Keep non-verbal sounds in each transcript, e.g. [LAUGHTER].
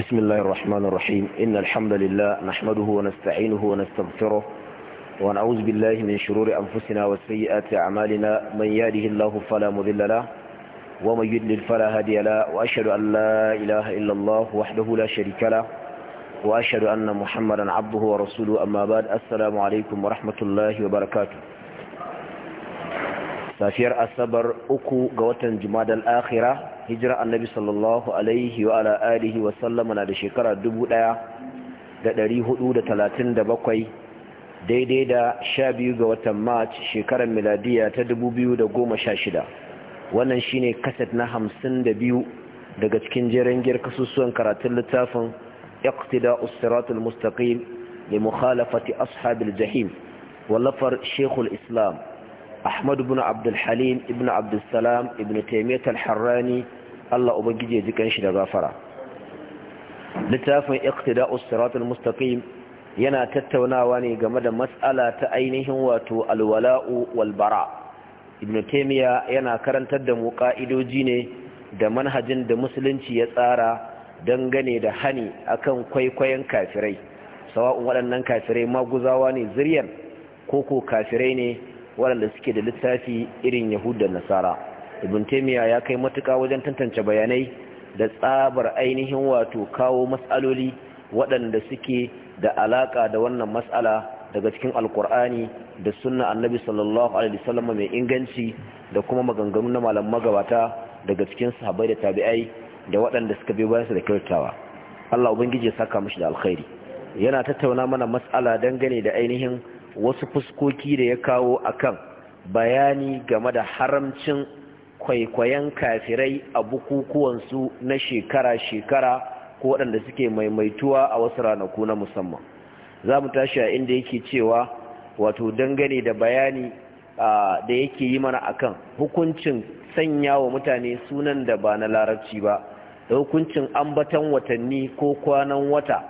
بسم الله الرحمن الرحيم إن الحمد لله نحمده ونستعينه ونستغفره ونعوذ بالله من شرور أنفسنا وسيئات أعمالنا من يهده الله فلا مذل له ومن يدلل فلا هادي له وأشهد أن لا إله إلا الله وحده لا شريك له وأشهد أن محمدا عبده ورسوله أما بعد السلام عليكم ورحمة الله وبركاته safiyar asabar uku ga watan jumadal akhira hijira annabi sallallahu alaihi wa ala alihi wa sallama na da shekara dubu da ɗari talatin da bakwai daidai da 12 ga watan march shekarar miladiya ta dubu goma sha shida wannan shine kaset na hamsin da biyu daga cikin jerin kasusuwan karatun littafin iqtida siratul mustaqim li mukhalafati ashabil jahim wallafar shekul islam ahmad ibn abdul halim ibn abdul salam ibn taymiyyah al-harrani Allah ubangije ya jikan shi da gafara littafin iqtida'us siratal mustaqim yana tattaunawa ne game da matsala ta ainihin wato alwala'u wal bara ibn taymiya yana karantar da mu ka'idoji ne da manhajin da musulunci ya tsara dangane da hani akan kwaikwayon kafirai sawa'un waɗannan kafirai maguzawa ne ziryar ko ko kafirai ne waɗanda suke da littafi irin da nasara ibn taimiyya ya kai matuka wajen tantance bayanai da tsabar ainihin wato kawo matsaloli waɗanda suke da alaƙa da wannan matsala daga cikin alkur'ani da sunna annabi sallallahu alaihi wasallam mai inganci da kuma maganganu na malam magabata daga cikin sahabai da tabi'ai da waɗanda suka bi bayansa da kyautawa Allah ubangiji ya saka mishi da alkhairi yana tattauna mana mas'ala dangane da ainihin wasu fuskoki da ya kawo akan bayani game da haramcin kwaikwayon kafirai a bukukuwansu na shekara-shekara ko waɗanda suke maimaituwa a wasu ranaku na musamman za mu tashi a inda yake cewa wato dangane da bayani da yake yi mana akan hukuncin sanya wa mutane sunan da ba na larabci ba da hukuncin ambatan watanni ko kwanan wata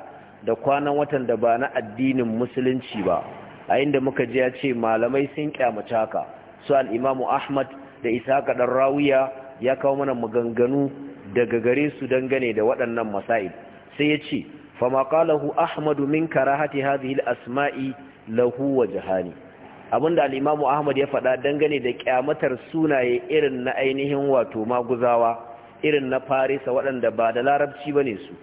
da kwanan watan da ba na addinin musulunci ba a inda muka ji ya ce malamai sun kyamaci haka su al'imamu ahmad da ishaka dan rawiya ya kawo mana maganganu daga gare su dangane da waɗannan masa'il sai ya ce fama qalahu ahmadu min karahati hadhihi al-asma'i lahu wa jahani abinda al-imamu ahmad ya faɗa dangane da kyamatar sunaye irin na ainihin wato maguzawa irin na farisa waɗanda ba da larabci bane su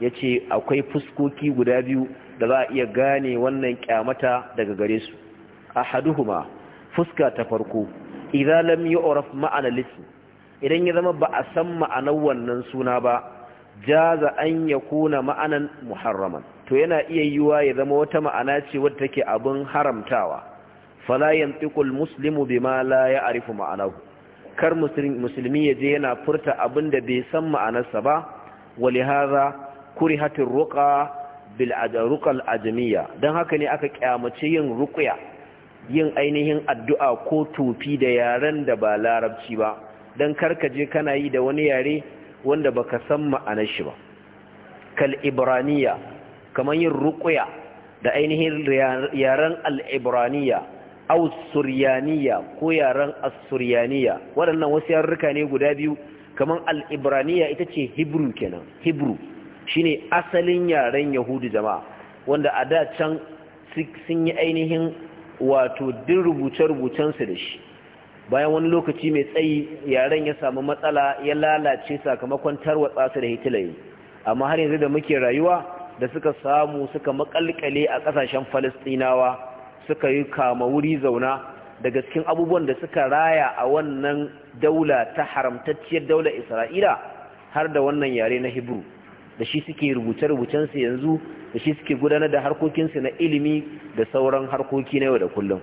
yace akwai fuskoki guda biyu da za a iya gane wannan kyamata daga gare su ahaduhuma fuska ta farko idan lam ma'ana idan ya zama ba a san ma'anar wannan suna ba jaza an kuna ma'anan muharraman to yana iya yiwa ya zama wata ma'ana ce wadda take abin haramtawa fala yantiqul muslimu bima la ya'rifu ma'anahu kar musulmi ya je yana furta abin da bai san ma'anarsa ba wali haza kurihatir ruqa bil rukal ajamiya don haka ne aka kyamace yin rukuya yin ainihin addu'a ko tofi da yaren da ba larabci ba don karkaje kana yi da wani yare wanda baka san ma'anar shi ba kal ibraniya kamar yin rukuya da ainihin yaren al-ibraniya au suryaniya ko yaren as-suryaniya waɗannan wasu yarurruka ne guda biyu kamar al-ibraniya ita ce hebrew kenan hebrew shine asalin yaren yahudu jama'a wanda a da can sun yi ainihin wato din rubuce-rubucensu da shi bayan wani lokaci mai tsayi yaren ya samu matsala ya lalace sakamakon tarwatsa su da hitler amma har yanzu da muke rayuwa da suka samu suka makalkale a kasashen Falistinawa suka yi kama wuri zauna daga cikin abubuwan da suka raya a wannan daula ta haramtacciyar daular isra'ila har da wannan yare na hebrew da shi suke rubuce-rubucensu yanzu da shi suke gudanar da harkokinsu na ilimi da sauran harkoki na yau da kullum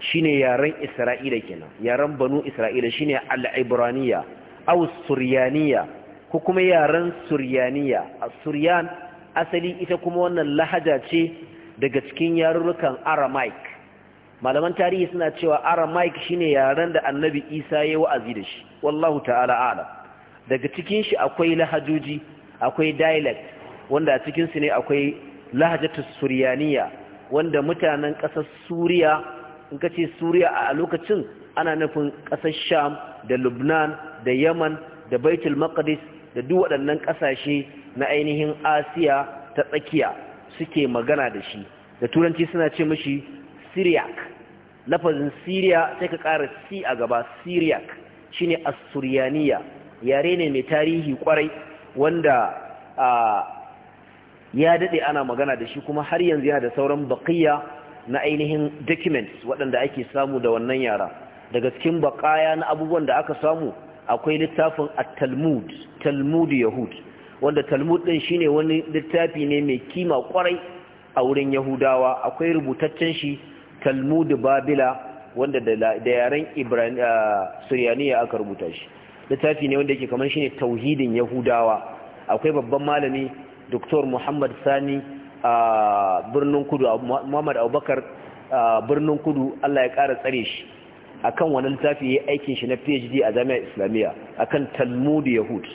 shine yaren isra'ila kenan yaren banu isra'ila shine al-ibraniya aw suryaniya ko kuma yaren suryaniya Asuryan suryan asali ita kuma wannan lahaja ce daga cikin yarurrukan aramaic malaman tarihi suna cewa aramaic shine yaren da annabi isa ya wa'azi da shi wallahu ta'ala a'lam daga cikin shi akwai lahajoji akwai dialect wanda a cikinsu ne akwai lahajatu suriyaniya wanda mutanen ƙasar suriya in ka ce suriya a lokacin ana nufin ƙasar sham da lubnan da yaman da baitul maqdis da duk waɗannan ƙasashe na ainihin asiya ta tsakiya suke magana da shi da turanci suna ce mashi syriac lafazin syria sai ka ƙara si a gaba syriac shine as yare ne mai tarihi kwarai wanda ya dade ana magana da shi kuma har yanzu yana da sauran baqiya na ainihin documents waɗanda ake samu da wannan yara daga cikin baƙaya na abubuwan da aka samu akwai littafin at-talmud talmud yahud wanda talmud din shine wani littafi ne mai kima kwarai a wurin yahudawa akwai rubutaccen shi talmud babila wanda da yaren suryaniya aka rubuta shi littafi ne wanda yake kamar shi ne tauhidin yahudawa akwai babban malami dr muhammad sani a birnin kudu muhammad abubakar birnin kudu allah ya kara tsare shi kan wani littafi ya aikin shi na phd a jami'ar islamiyya akan talmud yahud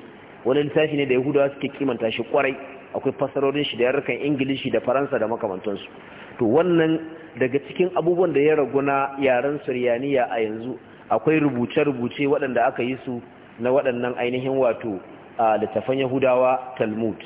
wani littafi ne da yahudawa suke kimanta shi kwarai akwai fasarorin shi da yarrukan ingilishi da faransa da makamantansu to wannan daga cikin abubuwan da ya ragu na yaren suryaniya a yanzu akwai rubuce-rubuce waɗanda aka yi su na waɗannan ainihin wato a littafan yahudawa talmud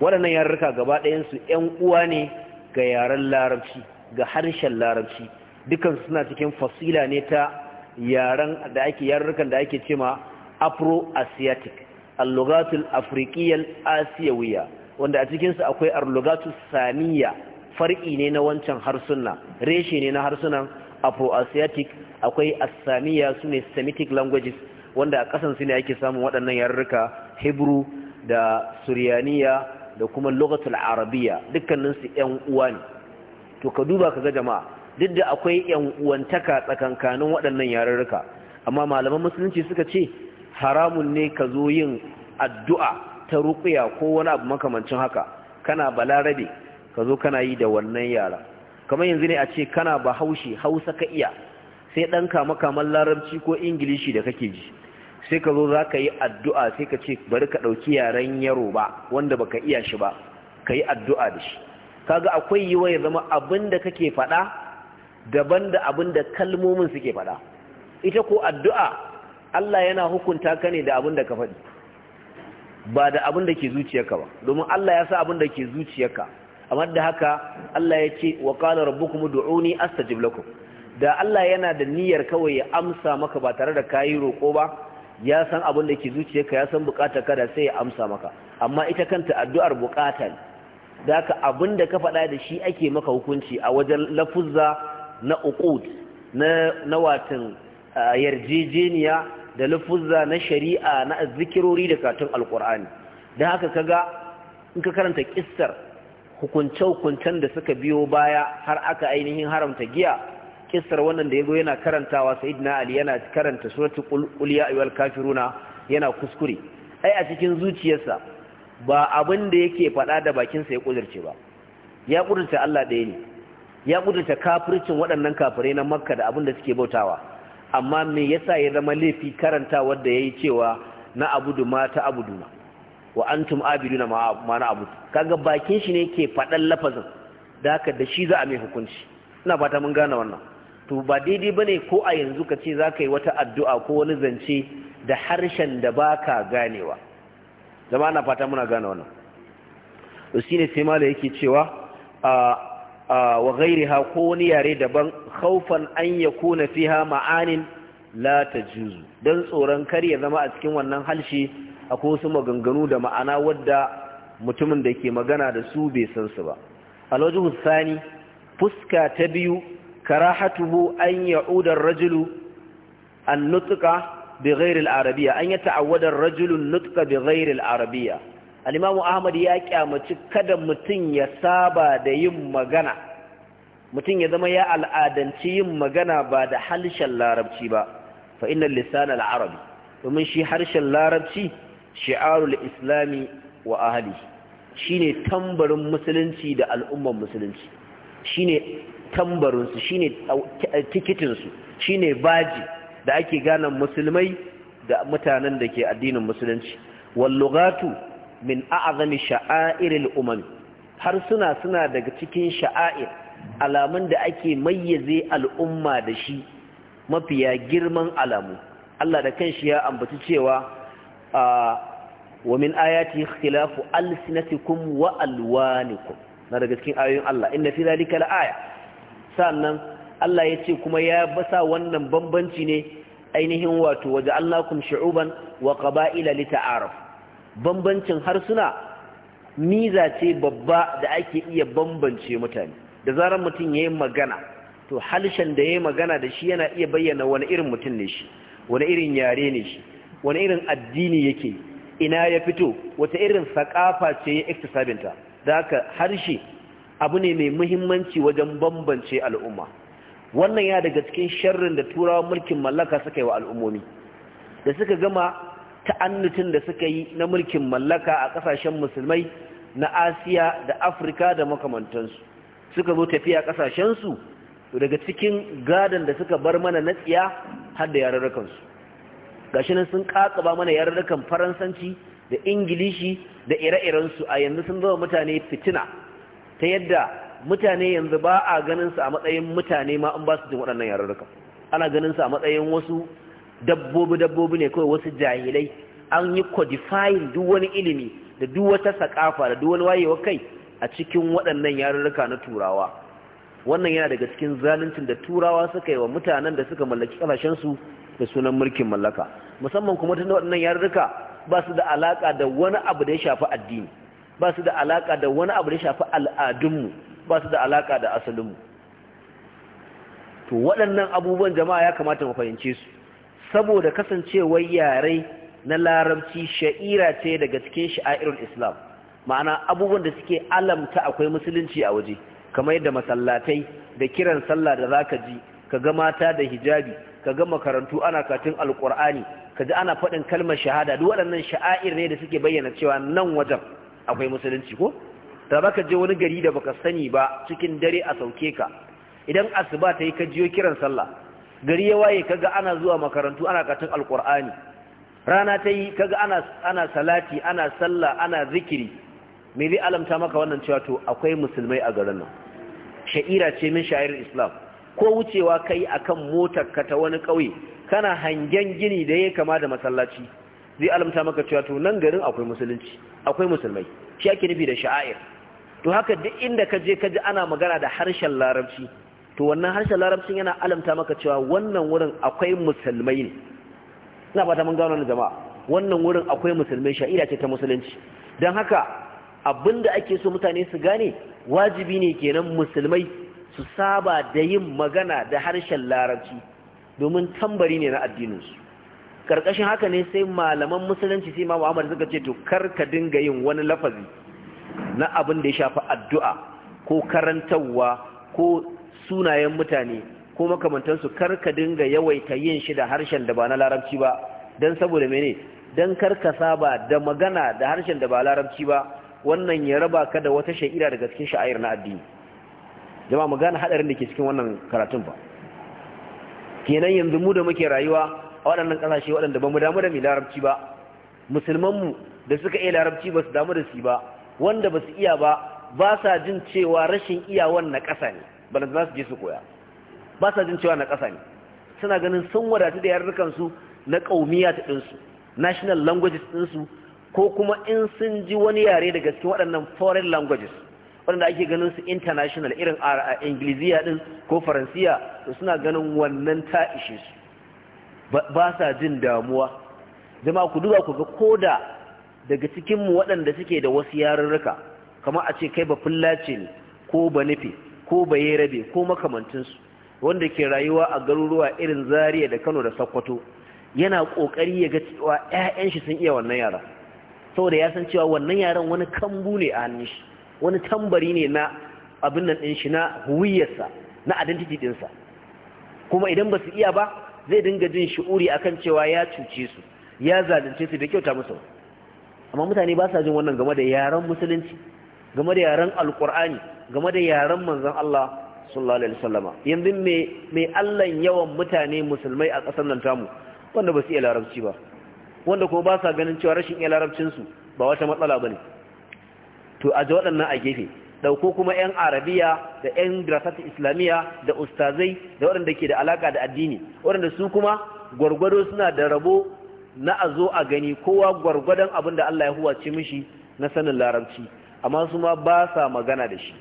waɗannan yarurka gaba ɗayansu ‘yan uwa ne ga yaren larabci ga harshen larabci dukansu suna cikin fasila ne ta yaren da ake yarurkan da ake cema afro-asiatic allogatul afrikiyar asiyawiya wanda a cikinsu akwai allogatul saniya far'i ne na wancan harsuna reshe ne na harsunan afro-asiatic akwai asamiya su ne semitic languages wanda a ƙasan su ne ake samun waɗannan yarurruka hebrew da suryaniya da kuma lokacin arabiya dukkaninsu 'yan uwa ne to ka duba ka ga jama'a duk da akwai 'yan uwantaka tsakankanin waɗannan yarurruka amma malaman musulunci suka ce haramun ne ka zo yin addu'a ta ruƙuya ko wani abu makamancin haka kana balarabe ka zo kana yi da wannan yara kamar yanzu ne a ce kana bahaushe hausa ka iya sai ɗan kama-kaman larabci ko ingilishi da kake ji sai ka zo za ka yi addu'a sai ka ce bari ka ɗauki yaren yaro ba wanda baka iya shi ba ka yi addu'a da shi ga akwai yi wa ya zama abin da kake faɗa daban da abin da kalmomin suke faɗa ita ko addu'a Allah yana hukunta ka ne da abin da ka faɗi ba da abin da ke zuciyarka ba domin Allah ya sa abin da ke zuciyarka da haka Allah ya ce wa qala rabbukum astajib lakum da Allah yana da niyyar kawai ya amsa maka ba tare da kayi roƙo ba ya san abin da ke zuciyarka ya san bukatar ka da sai ya amsa maka amma ita kanta addu'ar bukatar da ka abin da ka faɗa da shi ake maka hukunci a wajen lafuzza na uqud na na watan yarjejeniya da lafuzza na shari'a na zikirori da katun alqur'ani da haka kaga in ka karanta kissar hukunce-hukuncen da suka biyo baya har aka ainihin haramta giya kissar wannan da ya zo yana karantawa sayyidina ali yana karanta suratul qul ya ayyuhal kafiruna yana kuskure ai a cikin zuciyarsa ba abin da yake faɗa da bakin sa ya kudurce ba ya kudurta Allah ɗaya ne ya kudurta kafircin waɗannan kafirai na makka da abin da suke bautawa amma me yasa ya zama laifi karantawa da yayi cewa na abudu ma ta abuduna wa antum abiduna ma na abudu kaga bakin shi ne yake faɗan lafazin da haka da shi za a mai hukunci ina fata mun gane wannan to ba daidai ne ko a yanzu ka ce za ka yi wata addu'a ko wani zance da harshen da ba ka ganewa zama ana fata muna gane wannan usi ne sai mala yake cewa wa gairi ha ko wani yare daban haufan an ya kuna fi ha ma'anin lata juzu don tsoron kar ya zama a cikin wannan halshe akwai wasu maganganu da ma'ana wadda mutumin da ke magana da su bai san su ba alwajihu sani fuska ta biyu karahatuhu an ya'uda ar-rajulu an-nutqa bighayr al arabiya. an yata'awwada ar-rajulu an-nutqa bighayr al-arabiyya ahmad ya kyamaci kada mutun ya saba da yin magana mutun ya zama ya al'adanci yin magana ba da harshen larabci ba fa innal lisan al-arabi domin shi harshen larabci shi'arul islami wa ahlihi shine tambarin musulunci da al'ummar musulunci shine tambarinsu shine tikitinsu ne baji da ake gane musulmai da mutanen da ke addinin musulunci wallugatu min a'azami sha'airil umarni, harsuna suna daga cikin sha'air alamun da ake mayyaze al'umma da shi mafiya girman alamu Allah da kanshi ya ambaci cewa wa min ayati ikhtilafu alsinatikum wa alwanikum na daga cikin ayoyin Allah inna fi zalika la'aya sannan Allah ya ce kuma ya basa wannan bambanci ne ainihin wato waje Allahkum shu'uban wa qaba'ila lita'aruf bambancin harsuna miza ce babba da ake iya bambance mutane da zarar mutum yayi magana to halshen da yi magana da shi yana iya bayyana wani irin mutum ne shi wani irin yare ne shi wani irin addini yake ina ya fito wata irin sakafa ce ya iktisabinta da haka harshe abu ne mai muhimmanci wajen bambance al'umma wannan ya daga cikin sharrin da turawan mulkin mallaka suka yi wa al'ummomi da suka gama ta'annutin da suka yi na mulkin mallaka a kasashen musulmai na asiya da afirka da makamantansu suka zo tafiya ƙasashensu daga cikin gadon da suka bar mana na tsiya har da yararrakansu gashi nan sun ƙaƙaba mana yararrakan faransanci da ingilishi da ire-irensu a yanzu sun zama mutane fitina ta yadda mutane yanzu ba a ganin su a matsayin mutane ma an ba su jin waɗannan yarurruka ana ganin su a matsayin wasu dabbobi dabbobi ne kawai wasu jahilai an yi kwadifayin duk wani ilimi da duk wata sakafa da duk wani wayewa kai a cikin waɗannan yarurruka na turawa wannan yana daga cikin zaluncin da turawa suka yi wa mutanen da suka mallaki ƙasashensu da sunan mulkin mallaka musamman kuma tun da waɗannan yarurruka ba su da alaƙa da wani abu da ya shafi addini ba su da alaka da wani abu da shafi al'adunmu ba su da alaka da asalinmu to waɗannan abubuwan jama'a ya kamata mu fahimce su saboda kasancewar yare na larabci sha'ira ce daga cikin sha'irar islam ma'ana abubuwan da suke alamta akwai musulunci a waje kamar yadda masallatai da kiran sallah da za ka ji ka ga mata da hijabi ka ga makarantu ana katin alkur'ani ka ji ana faɗin kalmar shahada duk waɗannan sha'air ne da suke bayyana cewa nan wajen akwai musulunci ko da baka je wani gari da baka sani ba cikin dare a sauke ka idan asuba ta yi ka jiyo kiran sallah gari ya waye kaga ana zuwa makarantu ana katun alkur'ani rana ta yi kaga ana ana salati ana sallah ana zikiri me zai alamta maka wannan cewa to akwai musulmai a garin nan sha'ira ce min sha'irin islam ko wucewa kai kan motar ka ta wani ƙauye kana hangen gini da ya kama da masallaci zai alamta maka cewa to nan garin akwai musulunci akwai musulmai shi ake nufi da sha'air to haka duk inda ka je ka ji ana magana da harshen larabci to wannan harshen larabcin yana alamta maka cewa wannan wurin akwai musulmai ne ina fata mun gano wannan jama'a wannan wurin akwai musulmai sha'ira ce ta musulunci dan haka abinda ake so mutane su gane wajibi ne kenan musulmai su saba da yin magana da harshen larabci domin tambari ne na addininsu karkashin haka ne sai malaman musulunci sai mamu amur suka ce to kar ka dinga yin wani lafazi na abin da ya shafi addu'a ko karantarwa ko sunayen mutane ko makamantansu karka ka dinga yawaita yin shi da harshen da ba na larabci ba don saboda mene don kar saba da magana da harshen da ba larabci ba wannan ya raba ka da wata sha'ira daga cikin sha'ayar na addini jama'a magana hadarin da ke cikin wannan karatun ba kenan yanzu mu da muke rayuwa a waɗannan ƙasashe waɗanda ba mu damu da mai larabci ba musulmanmu da suka iya larabci ba su damu da su ba wanda ba su iya ba ba sa jin cewa rashin iyawan na ƙasa ne balanta za su je su koya ba sa jin cewa na ƙasa ne suna ganin sun wadatu da yarurrukansu na ƙaumiya ta ɗinsu national languages ɗinsu ko kuma in sun ji wani yare daga cikin waɗannan foreign languages waɗanda ake ganin su international irin a ingiliziya ɗin ko faransiya suna ganin wannan ta ishe su ba sa jin damuwa zama ku duba ku ga koda daga cikin mu waɗanda suke da wasu yarurruka kamar a ce kai ba fullace ne ko ba nufi ko ba rabe ko makamantinsu wanda ke rayuwa a garuruwa irin Zariya da kano da sokoto yana ƙoƙari ya ga cewa 'ya'yan shi sun iya wannan yara saboda ya san cewa wannan yaran wani kambu ne a hannun shi wani tambari ne na abin nan ɗin shi na huwiyarsa na identity ɗinsa kuma idan ba su iya ba zai dinga jin shi'uri akan cewa ya cuce su ya zalunce su da kyauta musu amma mutane ba sa jin wannan game da yaren musulunci game da yaren alkur'ani game da yaren manzon Allah sallallahu alaihi wasallama yanzu me me yawan mutane musulmai a ƙasar nan tamu wanda ba su iya larabci ba wanda kuma ba sa ganin cewa rashin iya larabcin ba wata matsala bane to a ji waɗannan a gefe dauko kuma yan arabiya da yan dirasat islamiyya da ustazai da waɗanda ke da alaka da addini waɗanda su kuma gwargwado suna da rabo na a zo a gani kowa gwargwadon abin da Allah ya huwace mishi na sanin larabci amma su ma ba sa magana da shi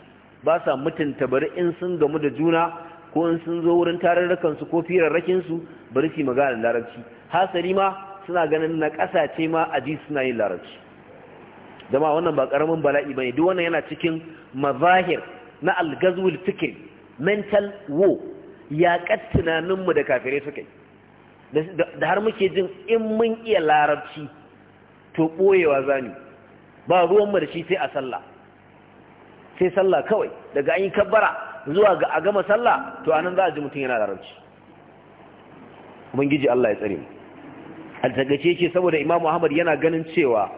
ba sa mutunta bari in sun gamu da juna ko in sun zo wurin tararrakan su ko firarrakin su bari su magana da larabci hasari ma suna ganin na ƙasa ce ma aji suna yin larabci jama'a wannan ba karamin bala'i bane duk wannan yana cikin mazahir na algazwul fikr mental war yaƙar tunaninmu da kafirai suka yi da har muke jin in mun iya larabci to ɓoyewa za ba ruwan mu da shi sai a sallah sai sallah kawai daga an yi kabbara zuwa ga a gama sallah to anan za a ji mutum yana larabci ubangiji Allah ya tsare mu al tagace yake saboda imamu Muhammad yana ganin cewa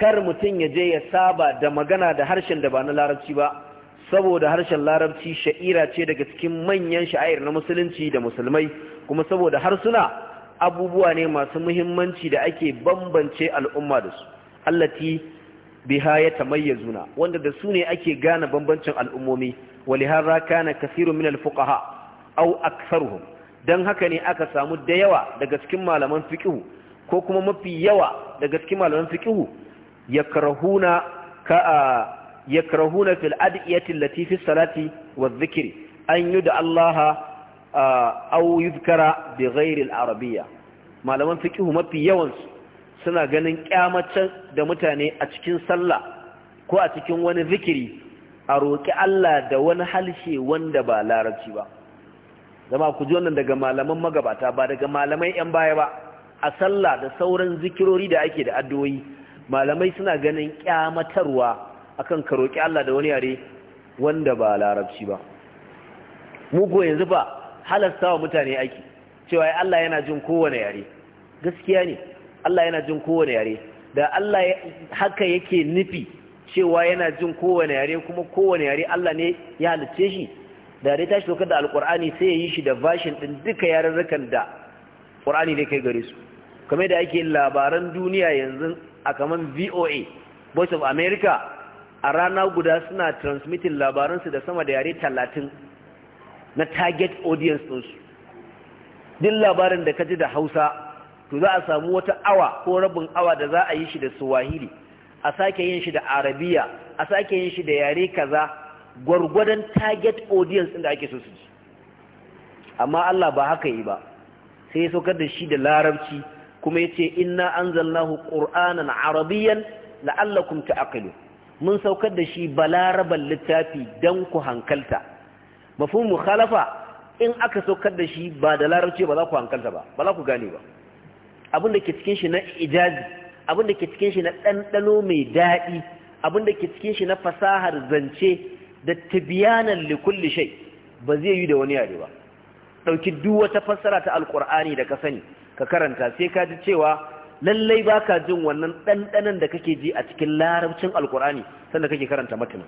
kar mutum ya je ya saba da magana da harshen da ba na larabci ba saboda harshen larabci sha'ira ce daga cikin manyan sha'ir na musulunci da musulmai kuma saboda harsuna abubuwa ne masu muhimmanci da ake bambance al'umma da su allati biha ya tamayyazuna wanda da su ne ake gane bambancin al'ummomi walihara kana kasirun min al-fuqaha aw aktharuhum dan haka ne aka samu da yawa daga cikin malaman fiqh ko kuma mafi yawa daga cikin malaman fiqh yakrahuna ka yakrahuna fil adiyati latifin salati wa dhikri an yuda Allah aw yuzkara bi ghairi al arabiyya malaman fikihu mafi yawan suna ganin kyamacin da mutane a cikin sallah ko a cikin wani zikiri a roƙi Allah da wani halshe wanda ba larabci ba zama ku ji wannan daga malaman magabata ba daga malamai 'yan baya ba a sallah da sauran zikirori da ake da addu'o'i malamai suna ganin kyamatarwa akan ka roƙi Allah da wani yare wanda ba larabci ba mugo yanzu ba halasta wa mutane aiki cewa Allah yana jin kowane yare gaskiya ne Allah yana jin kowane yare da Allah haka yake nufi cewa yana jin kowane yare kuma kowane yare Allah ne ya halice shi da dai tashi dokar da alkur'ani sai ya yi shi da bashin ɗin duka yarurrukan da ƙur'ani ne kai gare su kamar da ake labaran duniya yanzu a kamar voa voice of america a rana guda suna transmitting labaransu da sama da yare talatin na target audience ɗinsu duk labarin da ka ji da hausa to za a samu wata awa ko rabin awa da za a yi shi da swahili a sake yin shi da arabiya a sake yin shi da yare kaza gwargwadon target audience ɗin da ake so su ji amma allah ba haka yi ba sai ya saukar da shi da larabci kuma ya yace inna anzalnahu qur'anan arabiyyan la'allakum ta'qilun mun saukar da shi balaraban littafi don ku hankalta mu mukhalafa in aka saukar da shi ba da larabci ba za ku hankalta ba ba za ku gane ba abin da ke cikin shi na ijazi abin da ke cikin shi na ɗanɗano mai daɗi abin da ke cikin shi na fasahar zance da tibiyanan likulli shai ba zai yi da wani yare ba ɗauki duk wata fassara ta alƙur'ani da ka sani ka karanta sai ka ji cewa lallai baka jin wannan ɗanɗanan da kake ji a cikin larabcin alkur'ani sanda kake karanta matan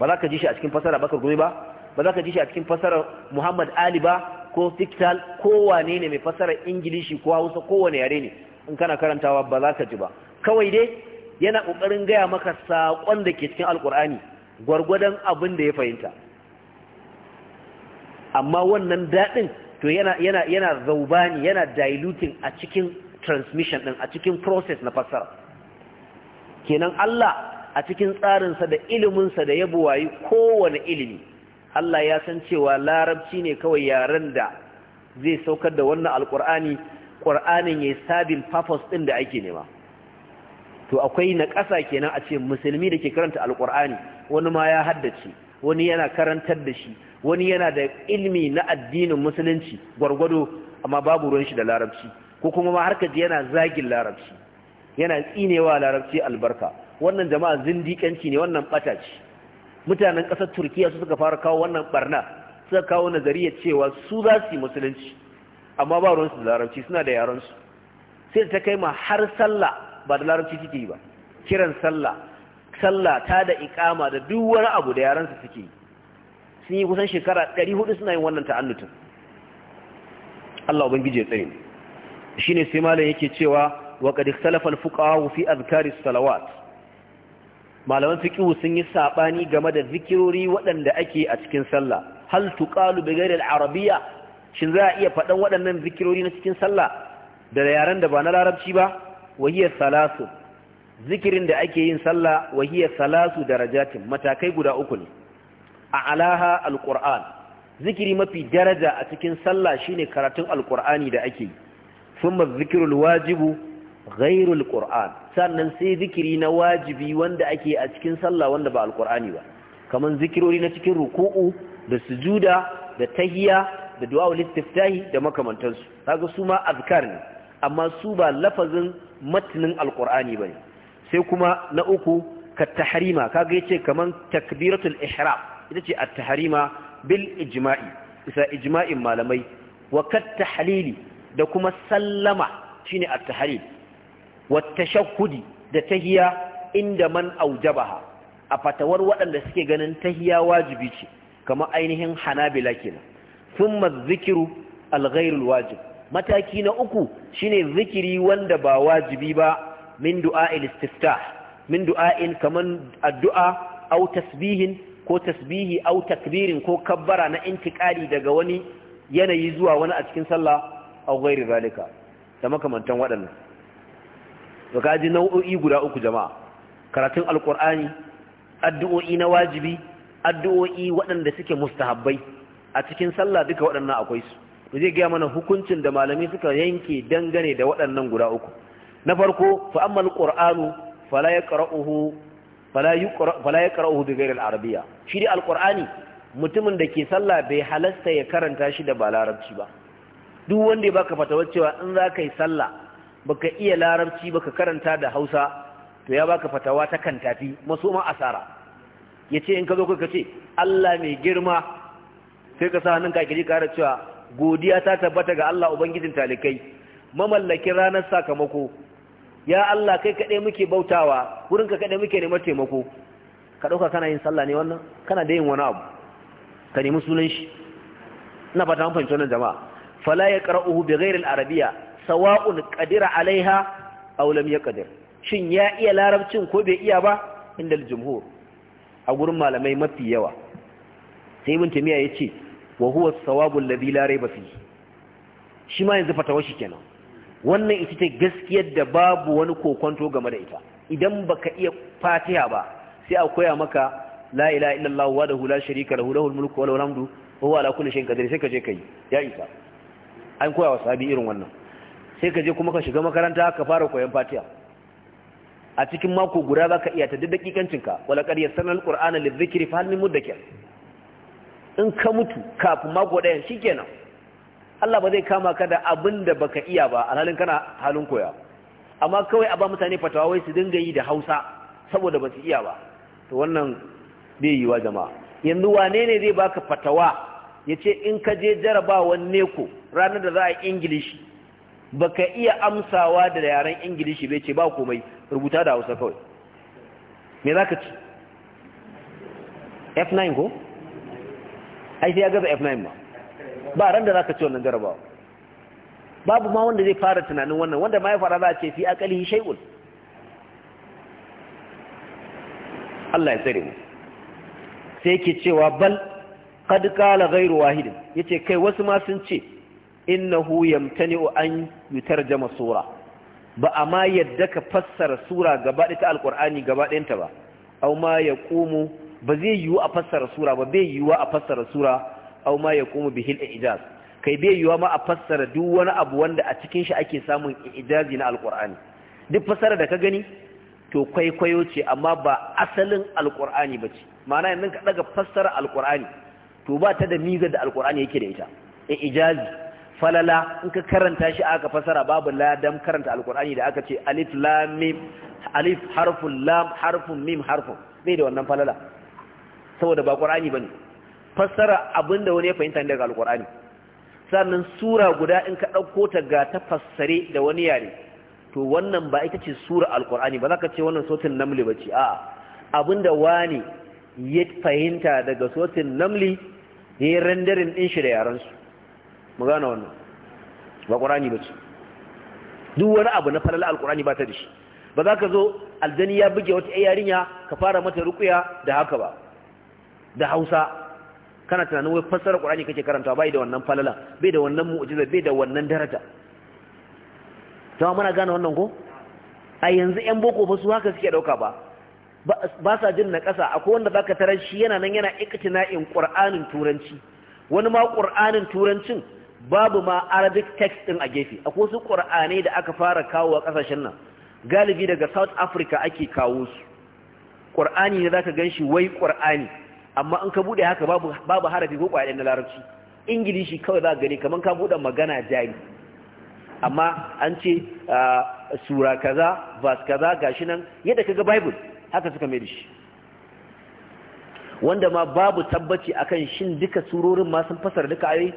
ba za ka ji shi a cikin fasara baka gobe ba ba za ka ji shi a cikin fasara muhammad ali ba ko fiktal kowane ne mai fasara ingilishi ko hausa kowane yare ne in kana karantawa ba za ka ji ba kawai dai yana ƙoƙarin gaya maka saƙon da ke cikin alkur'ani gwargwadon abin da ya fahimta amma wannan daɗin to yana yana yana zaubani yana diluting a cikin transmission din a cikin process na fasara kenan Allah a cikin tsarinsa da iliminsa da ya wayi kowane ilimi Allah ya san cewa larabci ne kawai yaren da zai saukar da wannan alkur'ani qur'anin ya sabin purpose ɗin da ake nema to akwai na ƙasa kenan a ce musulmi da ke karanta alkur'ani wani ma ya haddace wani yana karantar da shi wani yana da ilmi na addinin musulunci gwargwado amma babu ruwan shi da larabci ko kuma ma harka ji yana zagin larabci yana tsinewa larabci albarka wannan jama'a zindiƙanci ne wannan ɓata ce mutanen ƙasar turkiya su suka fara kawo wannan ɓarna suka kawo nazariya cewa su za su yi musulunci amma ba ruwansu da larabci suna da yaransu sai ta kai ma har sallah ba da larabci suke yi ba kiran sallah sallah ta da iƙama da duk wani abu da yaransu suke yi sun yi kusan shekara 400 suna yin wannan ta'annutin Allah ubangiji ya tsare shine sai malam yake cewa wa qad ikhtalafa al-fuqaha fi azkari salawat malaman fiqh sun yi sabani game da zikirori waɗanda ake a cikin sallah hal tuqalu bi ghayri al-arabiyya shin za a iya faɗan waɗannan zikirori na cikin sallah da yaren da ba na larabci ba wahiya salasu zikirin da ake yin sallah wahiya salasu darajatin matakai guda uku ne A a'laha alquran zikiri mafi daraja a cikin sallah shine karatun alqurani da ake yi thumma zikirul wajibu ghairul qur'an sannan sai zikiri na wajibi wanda ake a cikin sallah wanda ba alqurani ba kaman zikirori na cikin ruku'u da sujuda da tahiyya da du'a istiftahi da makamantansu kaga su ma azkar ne amma su ba lafazin matnin alqur'ani bane sai kuma na uku ka tahrima kaga yace kamar takbiratul ihram ita ce at bil ijma'i isa ijma'in malamai wa kat tahlili da kuma sallama shine a tahlil wa tashahhudi da tahiya inda man aujabaha a fatawar waɗanda suke ganin tahiya wajibi ce kamar ainihin hanabila kenan thumma zikiru, al wajib mataki na uku shine zikiri wanda ba wajibi ba min du'a al-istiftah min du'a'in kaman addu'a au tasbihin ko tasbihi au takbirin ko kabbara na intiqali daga wani yanayi zuwa wani a cikin sallah au ghairi zalika da makamantan waɗannan to kaji nau'o'i guda uku jama'a karatun alqur'ani addu'o'i na wajibi addu'o'i waɗanda suke mustahabbai a cikin sallah duka waɗannan akwai su to zai ga mana hukuncin da malami suka yanke dangane da waɗannan guda uku na farko fa ammal alqur'anu fala yaqra'uhu fala ya bi ghairi al al’arabiya shi dai alqur'ani mutumin da ke sallah bai halasta ya karanta shi da ba larabci ba duk wanda ya baka fatawar cewa in za ka yi sallah baka iya larabci ba ka karanta da Hausa to ya baka fatawa ta kan tafi maso ma asara ce in ka zo ka ce Allah mai girma sai ka sa hannunka kiji kare cewa godiya ta tabbata ga Allah ubangijin talikai mamallakin ranar sakamako ya Allah kai kaɗai muke bautawa wurin ka kaɗai muke neman taimako ka ɗauka kana yin sallah ne wannan kana da yin wani abu ka nemi sunan shi ina fata an fahimci wannan jama'a fala ya qara'uhu bi ghairi al-arabiyya sawa'un qadira alaiha aw lam yaqdir shin ya iya larabcin ko bai iya ba inda al a gurin malamai mafi yawa sai ibn tamiya yace wa huwa as-sawabu alladhi la rayba fihi shi ma yanzu fatawar shi kenan wannan ita ce gaskiyar da babu wani kokonto game da ita idan baka iya fatiha ba sai a koya maka la ilaha illallah hula la sharika lahu lahul mulku wa lahul hamdu wa huwa ala kulli shay'in qadir sai ka je kai ya isa an koya wa sahabi irin wannan sai ka je kuma ka shiga makaranta ka fara koyon fatiha a cikin mako guda zaka iya ta duk dakikancinka wala qad yassarna alqur'ana lidhikri fa hal min mudakkir in ka mutu kafin mako ɗayan shikenan Allah ba zai kama ka da abin da baka iya ba alhalin kana halin koya amma kawai a ba mutane fatawa wai su dinga yi da Hausa saboda ba su iya ba to wannan bai yiwa jama'a yanzu wane ne zai baka fatawa yace in ka je jarabawan neko ranar da za a English baka iya amsawa da yaren English bai ce ba komai rubuta da Hausa kawai me zaka ci F9 ko ai sai ya gaza F9 ba ba ran da zaka ci wannan jarabawa babu ma wanda zai fara tunanin wannan wanda ma ya fara za a ce fi akalihi shay'un Allah ya tsare mu sai yake cewa bal qad qala ghayru wahid yace kai wasu ma sun ce innahu yamtani'u an yutarjama sura ba a ma yadda ka fassara sura gaba ta alqur'ani gaba ɗayanta ba aw ma yaqumu ba zai yiwu a fassara sura ba bai yiwu a fassara sura aw ma yakumu bihil al-ijaz kai bai yiwa ma a fassara duk wani abu wanda a cikin shi ake samun ijazi na alqur'ani duk fassara da ka gani to kwaikwayo ce amma ba asalin alqur'ani bace ma'ana yanzu ka daga fassara alqur'ani to ba ta da mizar da alqur'ani yake da ita ijazi falala in ka karanta shi aka fassara babu ladam karanta alqur'ani da aka ce alif lam mim alif harfun lam harfun mim harfun bai da wannan falala saboda ba qur'ani bane fassara abinda wani ya fahimta daga alkur'ani sannan sura guda in ka ɗauko ta ga ta fassare da wani yare to wannan ba ita ce sura alkur'ani ba za ka ce wannan sautin namli ba ce a abinda wani ya fahimta daga sautin namli ya yi renderin ɗin shi da yarensu mu gane wannan ba ƙurani ba ce duk wani abu na falala alkur'ani ba ta da shi ba za ka zo aljani ya buge wata yarinya ka fara mata rukuya da haka ba da hausa kana tunanin wai fassara ƙwararri kake karantawa bai da wannan falala bai da wannan mu'jiza bai da wannan daraja wa muna gane wannan ko a yanzu yan boko ba su haka suke dauka ba ba sa jin na kasa akwai wanda baka tarar shi yana nan yana iktina'in qur'anin turanci wani ma ƙur'anin turancin babu ma arabic text ɗin a gefe akwai su qur'anai da aka fara kawo a kasashen nan galibi daga south africa ake kawo su qur'ani ne zaka shi wai ƙur'ani. amma in ka bude haka babu babu harafi ko kwaya na larabci ingilishi kawai za ka gani kamar ka bude magana jari amma an ce sura kaza vas kaza gashi nan yadda kaga bible haka suka mai shi wanda ma babu tabbaci akan shin duka surorin ma sun fasara duka ayoyi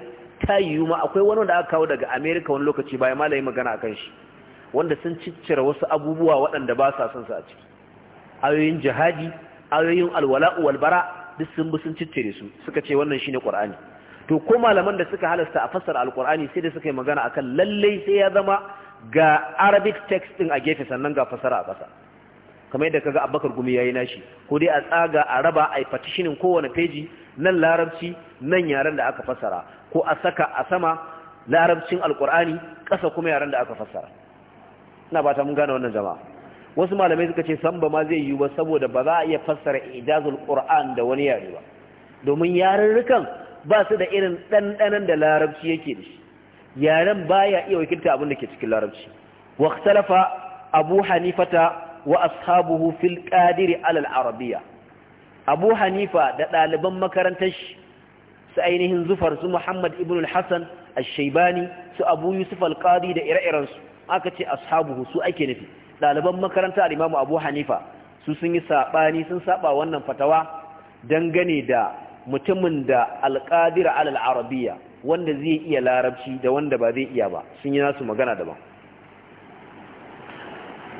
ta yiwu ma akwai wani da aka kawo daga America wani lokaci bayan malami magana akan shi wanda sun ciccira wasu abubuwa waɗanda ba sa son su a ciki ayoyin jihadi ayoyin alwala'u walbara duk sun bi sun ciccire su suka ce wannan shine qur'ani to ko malaman da suka halasta a fassara alqur'ani sai da suka yi magana akan lalle sai ya zama ga arabic text din a gefe sannan ga fassara a kasa. kamar yadda kaga abubakar gumi yayi nashi ko dai a tsaga a raba a partitioning kowane peji nan larabci nan yaren da aka fassara ko a saka a sama larabcin alqur'ani ƙasa kuma yaren da aka fassara ina ba ta mun gane wannan jama'a wasu malamai suka ce san ba ma zai yiwu ba saboda ba za a iya fassara ijazul qur'an da wani yare ba domin yarurrukan ba su da irin ɗanɗanan da larabci yake da shi yaren baya iya wakilta abin da ke cikin larabci waqtalafa abu hanifata wa ashabuhu fil qadiri alal arabiyya abu hanifa da ɗaliban makarantar shi su ainihin zufar su muhammad ibn al-hasan al su abu yusuf al-qadi da ire-irensu aka ce ashabuhu su ake nufi ɗaliban makaranta al'imamu abu hanifa su sun yi saɓani sun saɓa wannan fatawa dangane da mutumin da alƙadira alal arabiya wanda zai iya larabci da wanda ba zai iya ba sun yi nasu magana daban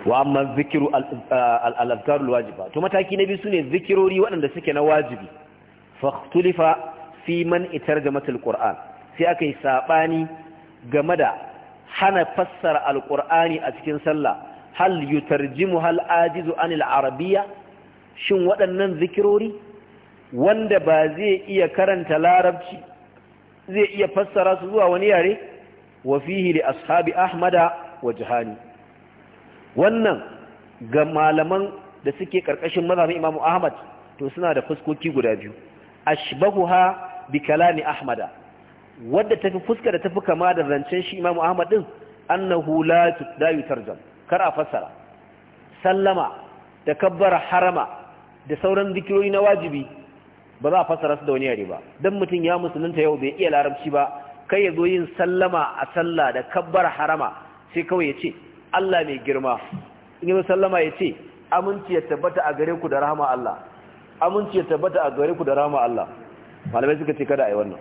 wa amma zikiru al'azkarul wajiba to mataki na biyu su ne zikirori waɗanda suke na wajibi faktulifa fi man itar da matul sai aka yi saɓani game da hana fassara alƙur'ani a cikin sallah hal mu hal ajizu anil arabiya shin waɗannan zikirori wanda ba zai iya karanta larabci zai iya fassara su zuwa wani yare wa fihi ashabi ahmada wa jihani wannan ga malaman da suke karkashin mazhabin imamu ahmad to suna da fuskoki guda biyu ha bi kalami ahmada wadda tafi fuska da tafi kama da zancen shi imamu ahmad din annahu la yutarjam kar a fassara sallama da kabbara harama da sauran zikiroyi na wajibi ba za a fassara su da wani yare ba dan mutum ya musulunta yau bai iya larabci ba kai ya zo yin sallama a sallah da kabbara harama sai kawai ya ce Allah mai girma in yi sallama ya ce aminci ya tabbata a gare ku da rahama Allah aminci ya tabbata a gare ku da rahama Allah malamai suka ce kada a yi wannan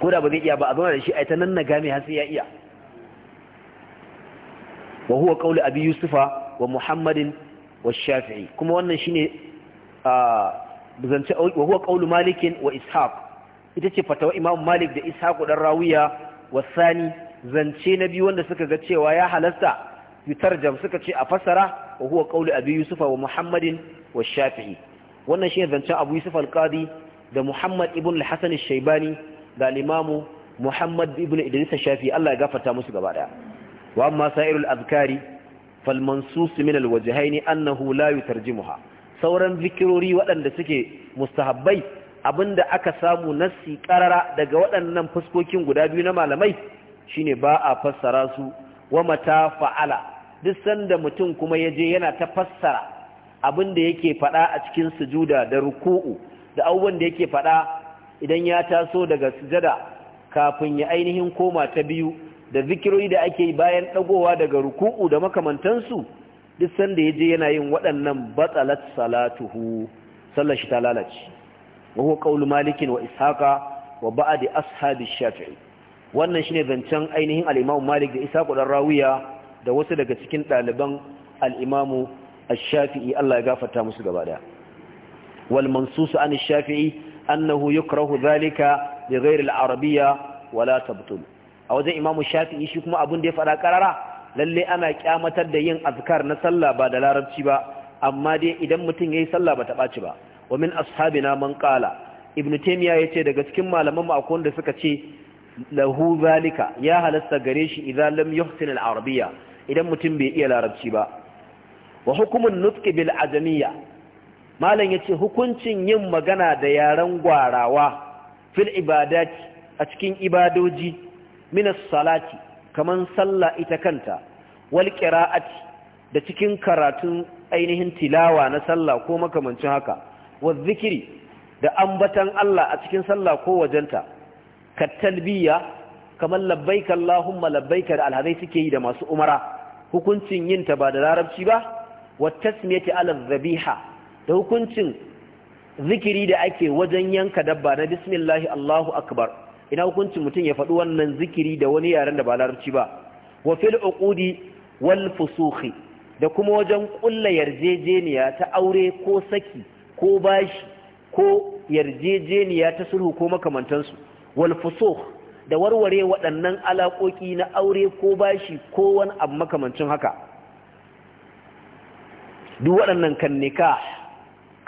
ko da ba zai iya ba a zama da shi a ita nan na game har sai ya iya wa huwa qawlu abi yusufa wa muhammadin wa shafi'i kuma wannan shine zance wa huwa qawlu malikin wa ishaq ita ce fatawa imam malik da ishaq dan rawiya wa sani zance na biyu wanda suka ga cewa ya halasta yutarjam suka ce a fasara wa huwa qawlu abi yusufa wa muhammadin wa shafi'i wannan shine zancen abu yusuf al-qadi da muhammad ibn al-hasan al-shaybani da al-imamu muhammad ibn idris al-shafi'i Allah ya gafarta musu gaba daya واما سائر sa'irul azkari من الوجهين انه لا يترجمها sauran zikirori waɗanda suke mustahabbai abinda aka samu nassi karara daga waɗannan fuskokin guda biyu na malamai shine ba a fassara su wa mata fa'ala duk sanda mutum kuma ya je yana ta fassara abinda yake faɗa a cikin sujuda da ruku'u da abubuwan da yake faɗa idan ya taso daga sujada kafin ya ainihin koma ta biyu da zikirori da ake bayan ɗagowa daga ruku'u da makamantansu duk sanda ya je yana yin waɗannan batsalat salatuhu sallar shi ta lalace wa huwa qawlu malikin wa ishaqa wa ba'di ashabi shafi'i wannan shine zancen ainihin al-imam malik da ishaqu dan rawiya da wasu daga cikin ɗaliban al-imam ash-shafi'i Allah ya gafarta musu gaba daya wal mansus an ash-shafi'i annahu yukrahu dhalika li ghayri al-arabiyya wala tabtul a wajen imamu shafi'i shi kuma abin da ya faɗa ƙarara lalle ana kyamatar da yin azkar na sallah ba da larabci ba amma dai idan mutum yayi sallah ba ta ɓaci ba wa min ashabina man qala ibnu taymiya yace daga cikin malaman mu akwai wanda suka ce lahu zalika ya halasta gare shi idan lam yuhsin al-arabiyya idan mutum bai iya larabci ba wa hukumun nutqi bil ajamiyya malam yace hukuncin yin magana da yaren gwarawa fil ibadati a cikin ibadoji minas salati kaman sallah ita kanta wal qira'ati da cikin karatun ainihin tilawa na sallah ko makamancin haka wa zikiri da ambatan Allah a cikin sallah ko wajenta ka talbiya kamar labbaika Allahumma labbaika da alhadai suke yi da masu umara hukuncin yin ta ba da larabci ba watasmiyati tasmiyati ala zabiha da hukuncin zikiri da ake wajen yanka dabba na bismillah Allahu akbar ina hukuncin mutum ya faɗi wannan zikiri da wani yaren da ba larabci ba wa fil uqudi wal fusukhi da kuma wajen kulla yarjejeniya ta aure ko saki ko bashi ko yarjejeniya ta sulhu ko makamantansu wal fusukh da warware waɗannan alaƙoƙi na aure ko bashi ko wani abu makamancin haka duk waɗannan kan nikah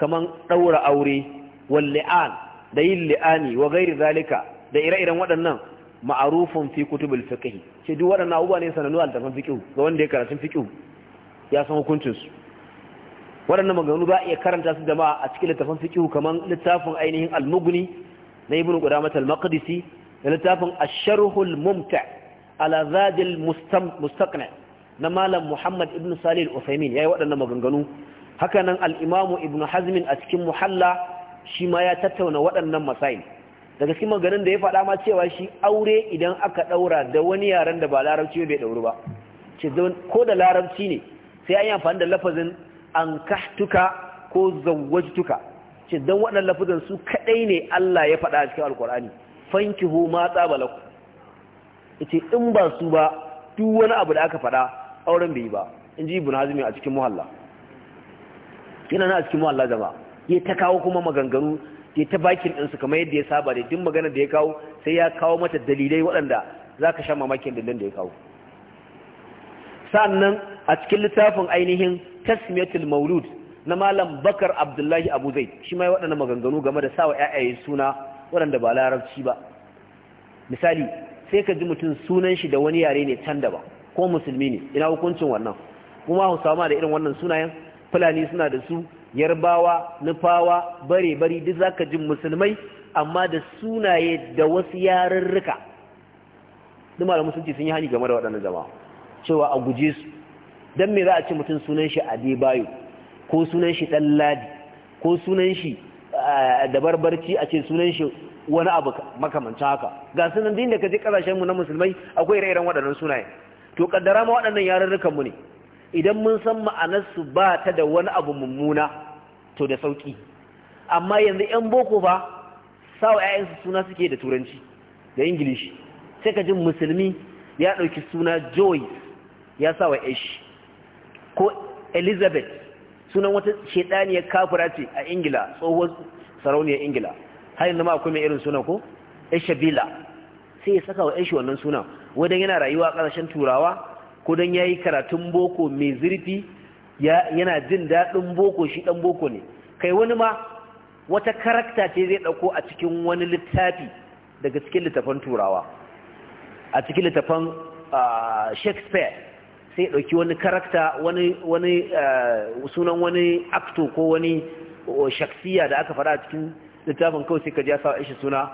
kaman ɗaura aure wal li'an da yin li'ani wa gairi zalika da ire-iren waɗannan ma'arufin fi kutubul fiqh ke duk waɗannan abubuwa ne sanannu a littafin fiqh ga wanda ya karatu fiqh ya san hukuncin su waɗannan maganganu ba iya karanta su jama'a a cikin littafin fiqh kamar littafin ainihin al-mughni na ibnu qudamah al-maqdisi da littafin ash-sharh al-mumta' ala zad al-mustaqna na malam muhammad ibn salih al-usaymin yayi waɗannan maganganu haka nan al imamu ibnu hazm a cikin muhalla shi ma ya tattauna waɗannan masail daga cikin maganin da ya faɗa ma cewa shi aure idan aka ɗaura da wani yaren da ba larabci bai ɗauru ba ko da larabci ne sai an yi amfani da lafazin an kahtuka ko zawajtuka ce don waɗannan lafazin su kaɗai ne Allah ya faɗa a cikin alkur'ani ho ma tsaba laku ce in ba su ba duk wani abu da aka faɗa auren bai yi ba in ji ibn hazmi a cikin muhalla yana na a cikin muhalla jama'a ya ta kawo kuma maganganu ke ta bakin ɗinsu kamar yadda ya saba da duk magana da ya kawo sai ya kawo mata dalilai waɗanda za ka sha mamakin dalilin da ya kawo sannan a cikin littafin ainihin tasmiyatul maulud na malam bakar abdullahi abu zai shi ma waɗanda maganganu game da sawa ƴaƴaye suna waɗanda ba larabci ba misali sai ka ji mutum sunan shi da wani yare ne can da ba ko musulmi ne ina hukuncin wannan kuma hausawa da irin wannan sunayen fulani suna da su yarbawa nufawa bare bari duk zaka jin musulmai amma da sunaye da wasu yarurruka duk sun ce sun yi hani game da waɗannan jama'a cewa a guje su dan me za a ce mutum sunan shi Adebayo ko sunan shi Ɗanladi ko sunan shi eh, da barbarci a ce sunan shi wani abu makamancin haka ga sunan din da kaje kasashen mu na musulmai akwai ire-iren waɗannan sunaye to kaddara ma waɗannan yarurrukan mu ne idan mun san ma'anar su ba ta da wani abu mummuna to da sauki amma yanzu yan boko ba sawa ƴaƴansu suna suke da turanci da ingilishi sai ka jin musulmi ya ɗauki suna Joy ya sawa ish ko elizabeth sunan wata shaidaniyar kafura ce a ingila tsohuwar sarauniyar ingila har yanzu ma akwai mai irin suna ko ishabila sai ya saka wa ishi wannan suna wadan yana rayuwa a ƙarshen turawa ko don ya yi karatun boko mai zurfi yana jin daɗin boko shi ɗan boko ne kai wani ma wata karakta ce zai ɗauko a cikin wani littafi daga cikin littafan turawa a cikin littafan shakespeare sai ɗauki wani karakta wani sunan wani akto ko wani shaksiya da aka fara a cikin littafin kawai sai kaji ji ya sa aishi suna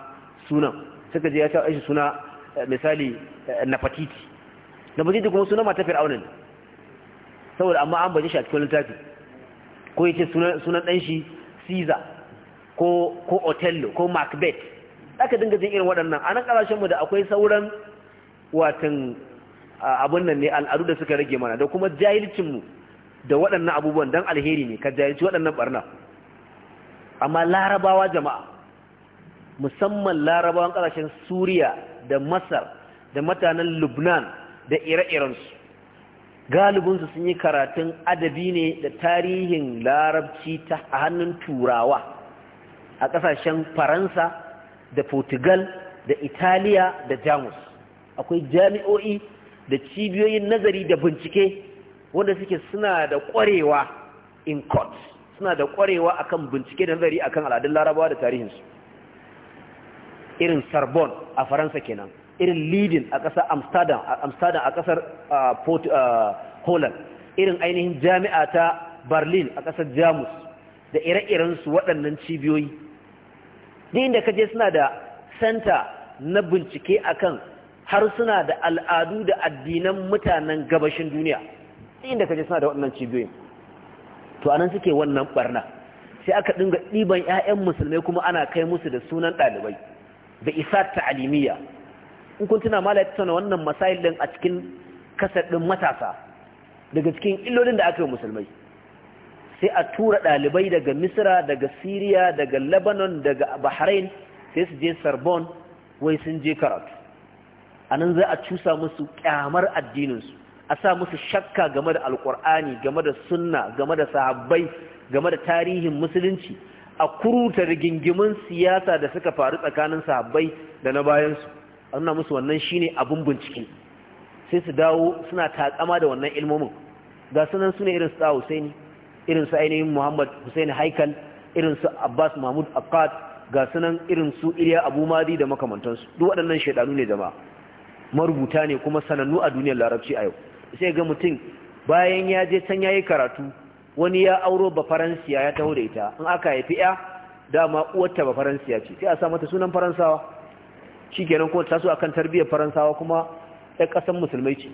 sunan sai kaji ji ya sa aishi suna misali nafatiti nafatiti kuma suna mata fir'aunin saboda amma an baje shi a cikin littafi ko yace sunan sunan dan shi Caesar ko ko Othello ko Macbeth zaka dinga jin irin waɗannan a nan mu da akwai sauran watan abun nan ne al'adu da suka rage mana da kuma jahilcin mu da waɗannan abubuwan dan alheri ne ka jahilci waɗannan barna amma larabawa jama'a musamman larabawan ƙasashen Suriya da Masar da mutanen Lubnan da ire-irensu galibinsu sun yi karatun adabi ne da tarihin larabci ta a hannun turawa a ƙasashen faransa da portugal da italiya da jamus akwai jami'o'i da cibiyoyin nazari da bincike wanda suke suna da ƙwarewa in court suna da ƙwarewa akan bincike da nazari akan al'adun larabawa da tarihinsu irin sarbon a faransa kenan irin leading a ƙasar amsterdam a ƙasar holland irin ainihin jami'a ta berlin a ƙasar jamus da ire iren su waɗannan cibiyoyi duk inda kaje suna da center na bincike akan har suna da al'adu da addinan mutanen gabashin duniya duk inda kaje suna da waɗannan cibiyoyin to anan suke wannan barna sai aka dinga ɗiban 'ya'yan musulmai kuma ana kai musu da sunan ɗalibai da isar ta'alimiyya in kun tuna mala ya tattauna wannan masail din a cikin kasar din matasa daga cikin illolin da aka yi musulmai sai a tura ɗalibai daga Misira daga Siriya daga lebanon daga bahrain sai su je sarbon wai sun je karatu a nan za a cusa musu kyamar addininsu a sa musu shakka game da alkur'ani game da sunna game da sahabbai game da tarihin musulunci a kuruta rigingimin siyasa da suka faru tsakanin sahabbai da na bayansu A nuna musu wannan shine abun bincike sai su dawo suna tatsama da wannan ilmomin ga sunan su ne irin su Husaini irin su ainihin Muhammad Husaini Haikal irin su Abbas Mahmud Akkad ga sunan irin su Iliya Abu Madi da makamantansu duk waɗannan shaidanu ne jama'a marubuta ne kuma sanannu a duniyar Larabci a yau sai ga mutum bayan ya je can yayi karatu wani ya auro ba Faransiya ya taho da ita in aka haifi ya dama uwarta ba Faransiya ce sai a sa mata sunan Faransawa kenan kuma taso kan tarbiyyar faransawa kuma ɗan ƙasan musulmai ce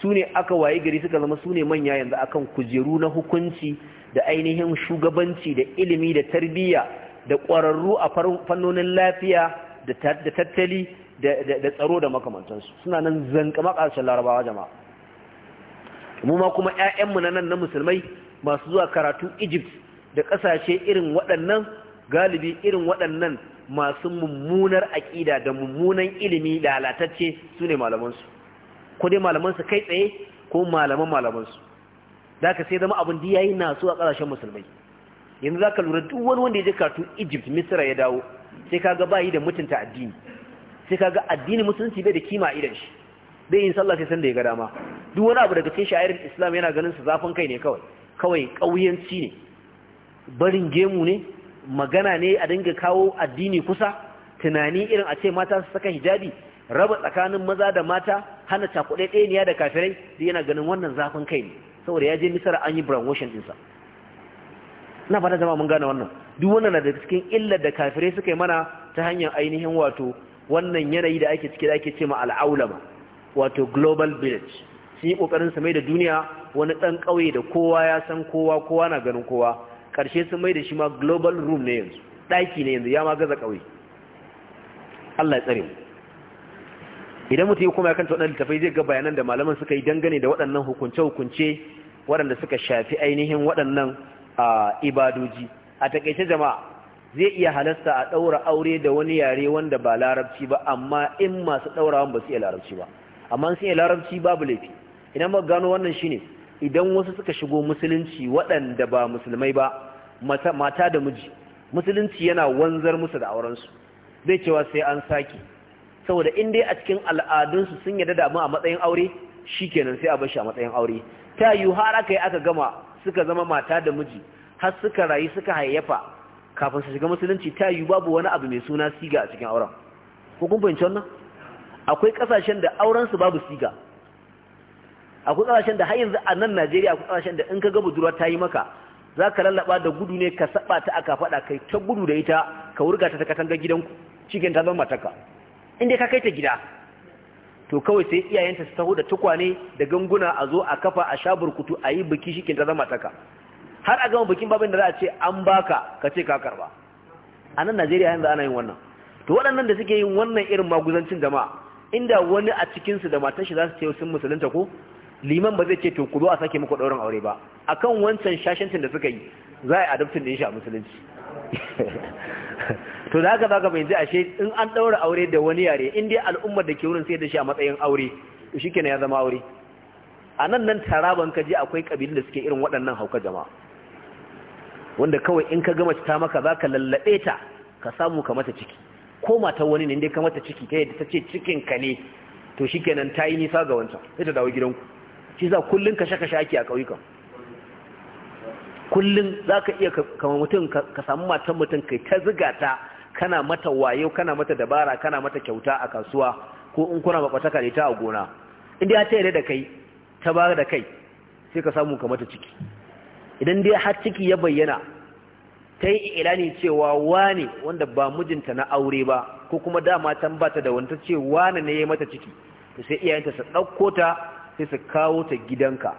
su ne aka waye gari suka zama su ne manya yanzu akan kujeru na hukunci da ainihin shugabanci da ilimi da tarbiyya da ƙwararru a fannonin lafiya da tattali da tsaro da makamantansu suna nan zanka makasar larabawa jama'a mu ma kuma 'ya'yanmu na nan na musulmai masu zuwa karatu egypt da ƙasashe irin waɗannan galibi irin waɗannan masu mummunar aƙida da mummunan ilimi lalatacce su ne malamansu ko dai malamansu kai tsaye ko malaman malamansu da ka sai zama abin da ya yi nasu a ƙasashen musulmai yanzu za ka lura duk wani wanda ya je karatu egypt misira ya dawo sai ka ga ba yi da mutunta addini sai ka ga addini musulunci bai da kima idan shi bai yin sallah sai san da ya ga dama duk wani abu daga cikin sha'irin islam yana ganin su zafin kai ne kawai kawai ƙauyenci ne barin gemu ne magana ne a dinga kawo addini kusa tunani irin a ce mata su saka hijabi raba tsakanin maza da mata hana cakuɗe ɗaya da kafirai da yana ganin wannan zafin kai ne saboda ya je misar an yi brainwashing ɗinsa na fata zama mun gane wannan duk wannan na daga cikin illar da kafirai suka yi mana ta hanyar ainihin wato wannan yanayi da ake ciki da ake ce ma al'aulama wato global village sun yi ƙoƙarin su mai da duniya wani ɗan ƙauye da kowa ya san kowa kowa na ganin kowa karshe sun mai da shi ma global room ne yanzu ɗaki ne yanzu ya ma gaza ƙauye Allah ya tsare mu idan mutum ya koma kanta waɗanda tafai zai ga bayanan da malaman suka yi dangane da waɗannan hukunce-hukunce waɗanda suka shafi ainihin waɗannan ibadoji a takaice jama'a zai iya halasta a ɗaura aure da wani yare wanda ba larabci ba amma in masu ɗaurawan ba su iya larabci ba amma sun iya larabci babu laifi idan ba gano wannan shine idan wasu suka shigo musulunci waɗanda ba musulmai ba mata da miji musulunci yana wanzar musu da aurensu zai cewa sai an sake saboda in dai a cikin al'adunsu sun yarda da mu a matsayin aure shikenan sai a bar shi a matsayin aure ta yi har aka yi aka gama suka zama mata da miji har suka rayu suka hayyafa kafin su shiga musulunci ta yi babu wani abu mai suna siga a cikin auren ko fahimci wannan akwai kasashen da aurensu babu siga akwai kasashen da har yanzu a nan Najeriya akwai kasashen da in ka ga budurwa ta yi maka za ka lallaba da gudu ne ka saba ta aka faɗa kai ta gudu da ita ka wurga ta ta gidanku cikin ta zama taka inda ka kai ta gida to kawai sai iyayenta su taho da tukwane da ganguna a zo a kafa a sha burkutu a yi biki shi ta zama taka har a gama bikin babin da za a ce an baka ka ce ka karba a nan najeriya yanzu ana yin wannan to waɗannan da suke yin wannan irin maguzancin jama'a inda wani a cikinsu da matar shi za su ce sun musulunta ko liman ba zai ce to ku zo a sake muku daurin aure ba akan wancan shashancin da suka yi za a yi adaptin da shi a musulunci [LAUGHS] to da haka ka bayyana ashe in an daura aure da wani yare in dai al'ummar da ke wurin sai da shi a matsayin aure to shikenan ya zama aure a nan nan taraban ka je akwai kabilun da suke irin waɗannan hauka jama'a wanda kawai in ka gama ta maka za ka lallabe ta ka samu ka mata ciki ko mata wani ne dai ka mata ciki ta yadda ta ce cikin ka ne to shikenan ta yi nisa ga wancan sai ta dawo gidanku shi za kullum kashe-kashe ake a ƙauyukan kullum za ka iya kama mutum ka samu matan mutum kai ta ziga ta kana mata wayo kana mata dabara kana mata kyauta a kasuwa ko in kuna makwataka ne ta a gona inda ya tayar da kai ta ba da kai sai ka samu kamata ciki idan dai har ciki ya bayyana ta yi ilani cewa wane wanda ba mijinta na aure ba ko kuma dama tambata ba da da wanta ce wane ne ya mata ciki to sai iyayenta su ɗauko ta sai su kawo ta gidanka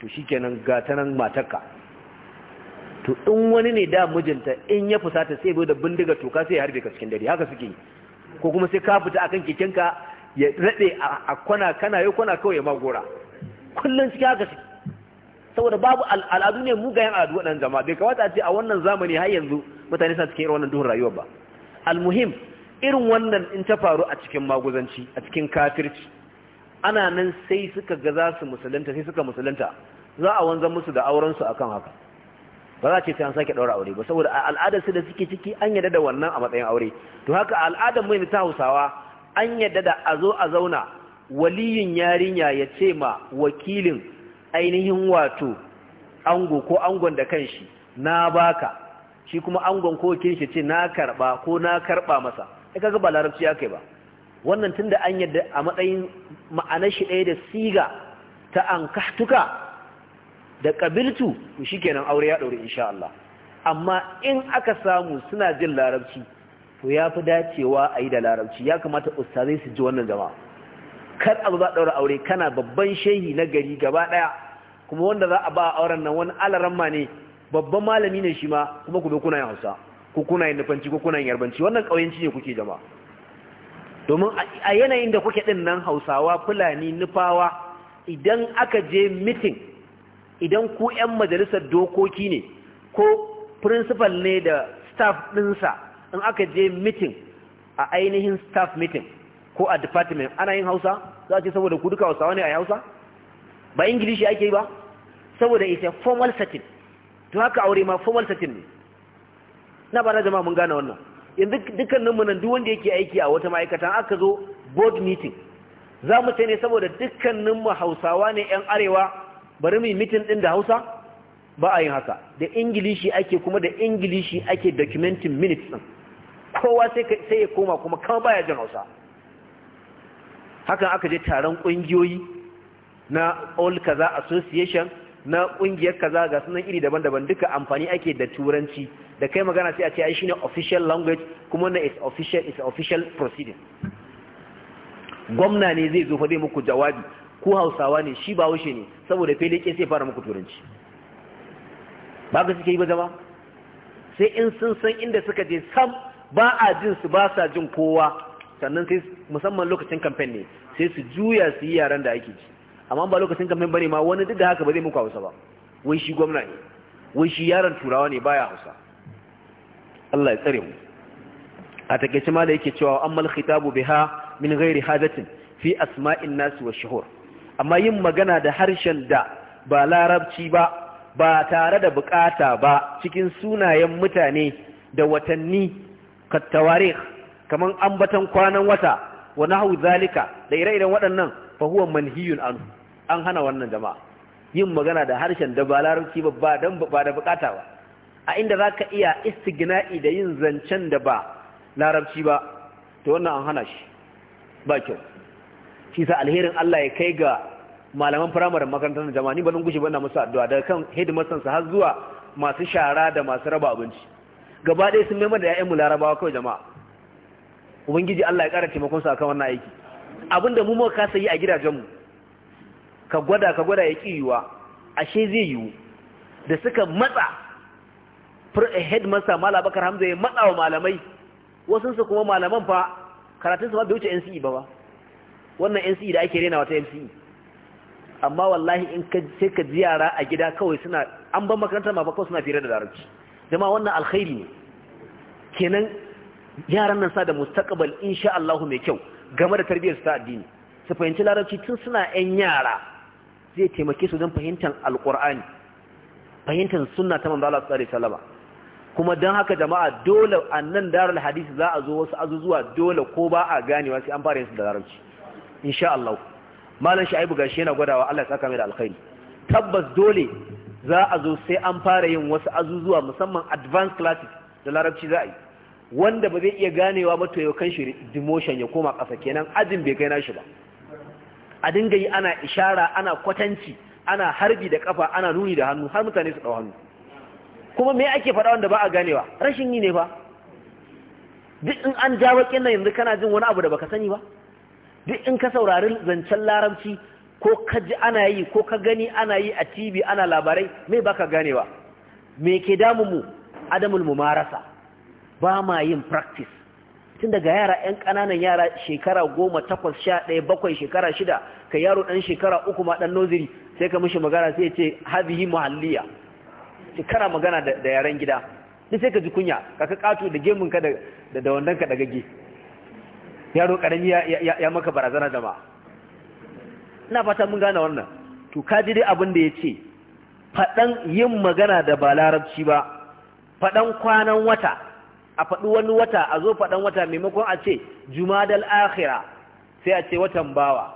to shi kenan gatanan matarka to in wani ne da mijinta in ya fusata sai bai da bindiga toka sai ya harbe ka cikin dare haka suke ko kuma sai ka fita akan kekenka ya rade a kwana kana yau kwana kawai ya magora kullun cikin haka suke saboda babu al'adu ne mugayen al'adu waɗannan jama'a bai kamata a ce a wannan zamani har yanzu mutane suna cikin irin wannan duhun rayuwar ba almuhim irin wannan in ta faru a cikin maguzanci a cikin kafirci ana nan sai suka ga za su musulunta sai suka musulunta za a wanzan musu da aurensu akan haka ba za ce sai an sake ɗaura aure ba saboda a al'adar su da suke ciki an yadda da wannan a matsayin aure to haka al'adar mai ta hausawa an yadda da a zo a zauna waliyin yarinya ya ce ma wakilin ainihin wato ango ko angon da kanshi na baka shi kuma angon ko wakilin shi ce na karba ko na karba masa ka kaga ba larabci ya kai ba wannan tun da an yadda a matsayin ma'anar shi ɗaya da siga ta an kahtuka da ƙabiltu shi kenan aure ya ɗaure insha Allah amma in aka samu suna jin larabci to ya fi dacewa a yi da larabci ya kamata zai su ji wannan jama'a kar abu za ɗaura aure kana babban shehi na gari gaba ɗaya kuma wanda za a ba a auren nan wani alaramma ne babban malami ne shi ma kuma ku zo kuna yin hausa ko kuna yin nufanci ko kuna yin yarbanci wannan ƙauyenci ne kuke jama'a domin a yanayin da kuke ɗin nan hausawa fulani nufawa idan aka je mitin idan ku 'yan majalisar dokoki ne ko principal ne da staff ɗinsa in aka je mitin a ainihin staff mitin ko a department ana yin hausa za a ce saboda ku duka hausawa ne a hausa ba ingilishi ake yi ba saboda ita formal setting to haka aure ma formal setting ne na ba na jama'a mun gane wannan yanzu dukkaninmu nan duk wanda yake aiki a wata ma'aikata aka zo board meeting za mu ce ne saboda dukkaninmu hausawa ne 'yan arewa bari mu yi mitin ɗin da hausa ba a yin haka da ingilishi ake kuma da ingilishi ake documentin minutes ɗin kowa sai ya koma kuma kama baya jan hausa hakan aka je taron ƙungiyoyi na all kaza association na ƙungiyar kaza ga sunan iri daban-daban duka amfani ake da turanci da kai magana sai a ce ai shine official language kuma na is official is official proceeding gwamna ne zai zo fa dai muku jawabi ku Hausawa ne shi ba washe ne saboda fele ke sai fara muku turanci ba ga suke yi ba zama sai in sun san inda suka je sam ba a jin su ba sa jin kowa sannan sai musamman lokacin campaign ne sai su juya su yi yaran da ake ji amma ba lokacin campaign bane ma wani duk da haka ba zai muku hausa ba wai shi gwamna ne wai shi yaran turawa ne baya hausa Allah ya tsare mu a takeice ma da yake cewa ammal khitabu biha min ghairi hadatin fi asma'in nas wa shuhur amma yin magana da harshen da ba larabci ba ba tare da bukata ba cikin sunayen mutane da watanni kattawarikh kaman ambatan kwanan wata wa nahwu zalika da ire-iren waɗannan fa huwa manhiyun anhu an hana wannan jama'a yin magana da harshen da ba larabci ba ba dan ba da bukata ba a inda za ka iya istigna'i da yin zancen da ba larabci ba to wannan an hana shi ba kyau shi sa alherin Allah ya kai ga malaman firamaren makarantar jama'a ni ba zan gushe ba na musu addu'a daga kan su har zuwa masu shara da masu raba abinci gaba ɗaya sun maimar da 'ya'yanmu larabawa kawai jama'a ubangiji Allah ya ƙara taimakon su akan wannan aiki abinda mu muka kasa yi a gidajenmu ka gwada ka gwada ya ƙi yiwuwa ashe zai yiwu da suka matsa Eh, headmaster mala bakar hamza ya matsa wa malamai wasu su kuma malaman fa karatun su ma bai wuce NCE ba ba wannan NCE da ake rena wata NCE amma wallahi in ka sai ka ji a gida kawai suna an ban makarantar ma ba kawai suna fira da larabci jama'a wannan alkhairi ne kenan yaran nan sa da mustaqbal insha Allah mai kyau game da tarbiyyar su ta addini su fahimci larabci tun suna 'yan yara zai taimake su don fahimtar alkur'ani fahimtar sunna ta manzo Allah sallallahu alaihi kuma don haka jama'a dole nan darar hadisi za a zo wasu azuzuwa dole ko ba a ganewa sai an fara yin su da larabci insha Allah malam sha'ibu shi yana gwadawa Allah ya saka mai da alkhairi tabbas dole za a zo sai an fara yin wasu azuzuwa musamman advanced classes da larabci za a yi wanda ba zai iya ganewa ba to yau kan shi demotion ya koma kasa kenan ajin bai kai nashi ba a dinga yi ana ishara ana kwatanci ana harbi da kafa ana nuni da hannu har mutane su ɗau hannu kuma me ake faɗa wanda ba a ganewa rashin yi ne ba duk in an ja nan yanzu kana jin wani abu da baka sani ba duk in ka saurari zancen larabci ko ka ji ana yi ko ka gani ana yi a TV ana labarai me baka ganewa me ke damu mu adamul mumarasa ba ma yin practice tun daga yara 'yan ƙananan yara shekara goma takwas sha ɗaya bakwai shekara shida ka yaro ɗan shekara uku ma ɗan noziri sai ka mishi magana sai ce hazihi muhalliya ce kana magana da yaren gida duk sai ka ji kunya kaka kato da gemun ka da da wandan ka yaro karami ya maka barazana da ba ina fata mun gane wannan to ka ji dai abin da yace fadan yin magana da ba larabci ba fadan kwanan wata a faɗi wani wata a zo faɗan wata maimakon a ce jumadal akhirah sai a ce watan bawa